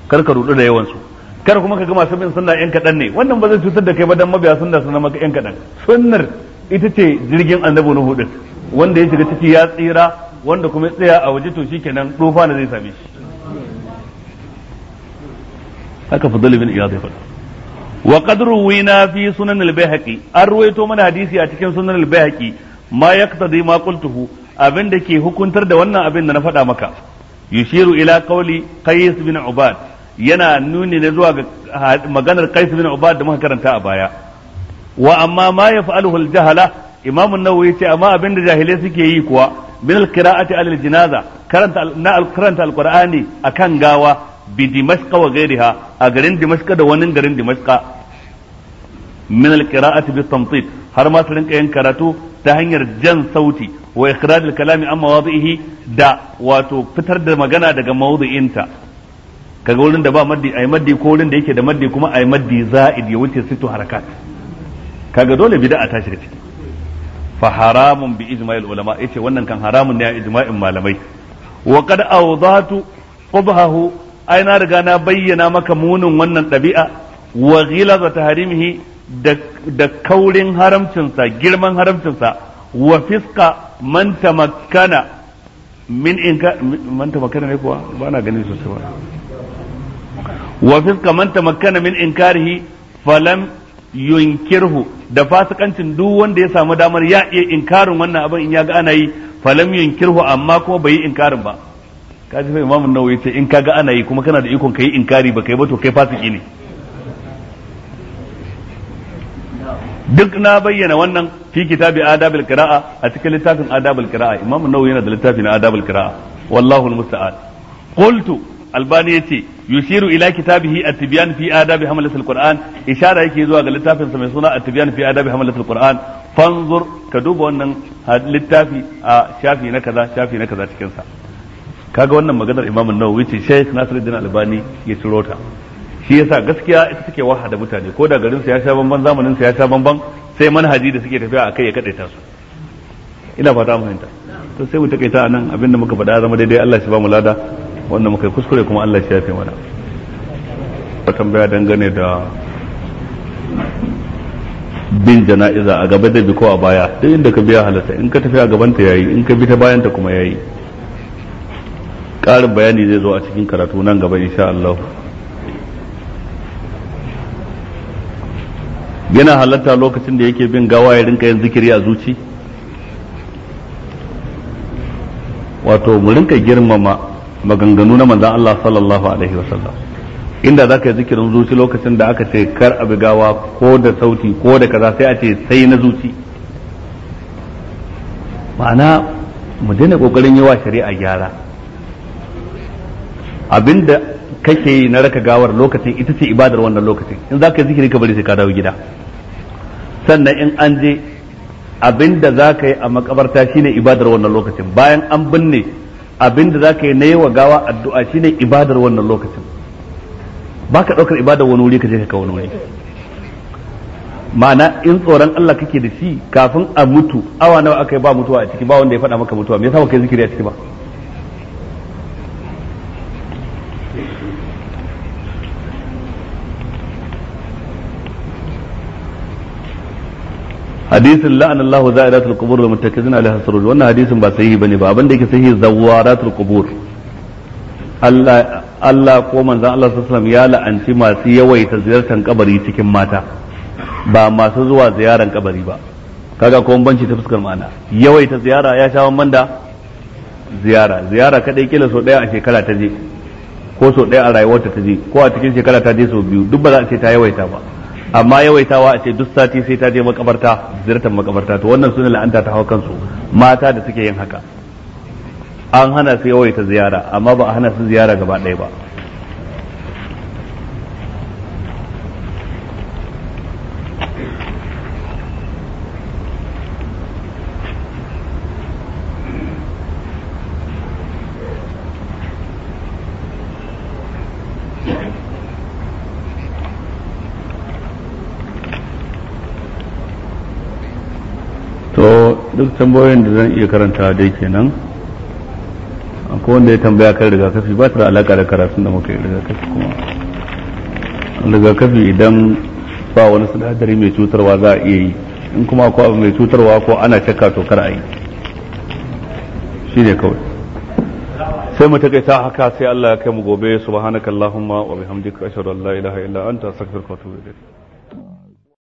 kar ka rudu da yawan su kar kuma kaga masu bin sunna yan kadan ne wannan ba zai cutar da kai ba dan mabiya sunna sunna maka yan kadan sunnar ita ce jirgin annabi nuhu din wanda ya shiga ciki ya tsira wanda kuma ya tsaya a waje to shikenan dofa ne zai same shi haka fadl bin iyad ya faɗa wa qad ruwina fi sunan al an ruwaito mana hadisi a cikin sunan al-baihaqi ma yaqtadi ma qultuhu abin da ke hukuntar da wannan abin da na faɗa maka yushiru ila qawli qais bin ubad yana nuni ne zuwa ga maganar qais bin ubad da muka karanta a baya wa amma ma yaf'aluhu al-jahala imam an-nawawi ce amma abin da jahilai suke yi kuwa min al-qira'ati al-jinaza karanta na karanta al-qur'ani akan gawa bi dimashqa wa ghayriha a garin dimashqa da wani garin dimashqa min al-qira'ati bi tamtit har ma su rinka karatu ta hanyar jan sauti wa ikhraj al-kalami amma mawadihi da wato fitar da magana daga mawdi'inta kaga wurin da ba maddi ai maddi ko wurin da yake da maddi kuma ai maddi za'id ya wuce situ harakat kaga dole bid'a ta shiga ciki fa haramun bi ijma'il ulama yace wannan kan haramun ne a ijma'in malamai wa qad awdatu qubhahu ai na riga na bayyana maka munin wannan ɗabi'a wa ghilaza tahrimihi da kaurin haramcinsa girman haramcinsa wa fiska man tamakkana min in ka man tamakkana ne kuwa ba na ganin sosai ba wa fiska man tamakkana min inkarihi falam yunkirhu da fasikancin duk wanda ya samu damar ya iya inkarin wannan abin in ya ga ana yi falam yunkirhu amma kuma bai yi inkarin ba kaji fa imamun nawawi ce in kaga ana yi kuma kana da ikon kai inkari ba kai ba to kai fasiki ne duk na bayyana wannan fi kitabi adabul qira'a a cikin littafin adabul qira'a imamun nawawi yana da littafi na adabul qira'a wallahu almusta'an qultu albani yace yushiru ila kitabihi at-tibyan fi adabi hamlatil qur'an ishara yake zuwa ga littafin sa mai suna at-tibyan fi adabi hamlatil qur'an fanzur ka duba wannan littafi a shafi na kaza shafi na kaza cikin sa kaga wannan maganar Imam Nawawi ce Sheikh Nasiruddin Albani ya ciro ta shi yasa gaskiya ita take wahada mutane ko da garin su ya sha bamban zamanin su ya sha bamban sai manhaji da suke tafiya akai ya ta su ina fata mu fahimta to sai mu takaita anan abinda muka faɗa zama daidai Allah shi ba mu lada wanda muka kuskure kuma Allah shi ya fi mana tambaya dangane da bin jana'iza a gaba da bi ko a baya duk inda ka biya halatta in ka tafi a gaban ta yayi in ka bi ta bayan ta kuma yayi ƙarin bayani zai zo a cikin karatu nan gaba insha Allah yana halatta lokacin da yake bin gawa ya rinka yin zikiri a zuci wato mu rinka girmama maganganu na manzan Allah sallallahu alaihi wasallam inda ka yi zikirin zuci lokacin da aka ce kar a gawa ko da sauti ko da kaza sai a ce sai na zuci ma'ana mu daina kokarin yawa shari'a gyara abinda kake yi na raka gawar lokacin ita ce ibadar wannan lokacin in za ka yi zikiri ka bari sai ka dawo gida sannan in an je abinda za ka yi a makabarta shine ibadar wannan lokacin bayan an binne abinda za ka yi na yawa gawa addu'a shine ibadar wannan lokacin ba ka ɗaukar ibadar wani wuri ka je ka wani wuri ma'ana in tsoron Allah kake da shi kafin a mutu awa nawa aka yi ba mutuwa a ciki ba wanda ya faɗa maka mutuwa me yasa ba kai zikiri a ciki ba hadisin la'anallahu za'iratul qubur da muttakizina alaiha surur wannan hadisin ba sahihi bane ba abin da yake sahihi zawaratul qubur Allah Allah ko manzon Allah sallallahu ya la'anci masu yawaita ziyartar kabari cikin mata ba masu zuwa ziyaran kabari ba kaga ko banci ta fuskar ma'ana yawaita ziyara ya sha wannan da ziyara ziyara kadai kila so daya a shekara ta je ko so daya a rayuwarta ta je ko a cikin shekara ta je so biyu duk ba za a ce ta yawaita ba amma yawaitawa a ce duk sati sai ta je makabarta ziyartar makabarta to wannan suna la'anta ta hawa kansu mata da suke yin haka an hana su yawaita ziyara amma ba a hana su ziyara gaba ɗaya ba duk tambayoyin da zan iya karanta dai kenan ko wanda ya tambaya kan rigakafi ba ta da alaka da karatun da muka yi rigakafi kuma rigakafi idan ba wani sinadari mai cutarwa za a iya yi in kuma ko abu mai cutarwa ko ana shakka to kar a yi shi ne kawai sai mu ta haka sai Allah ya kai mu gobe subhanakallahumma wa bihamdika ashhadu an la ilaha illa anta astaghfiruka wa atubu ilayk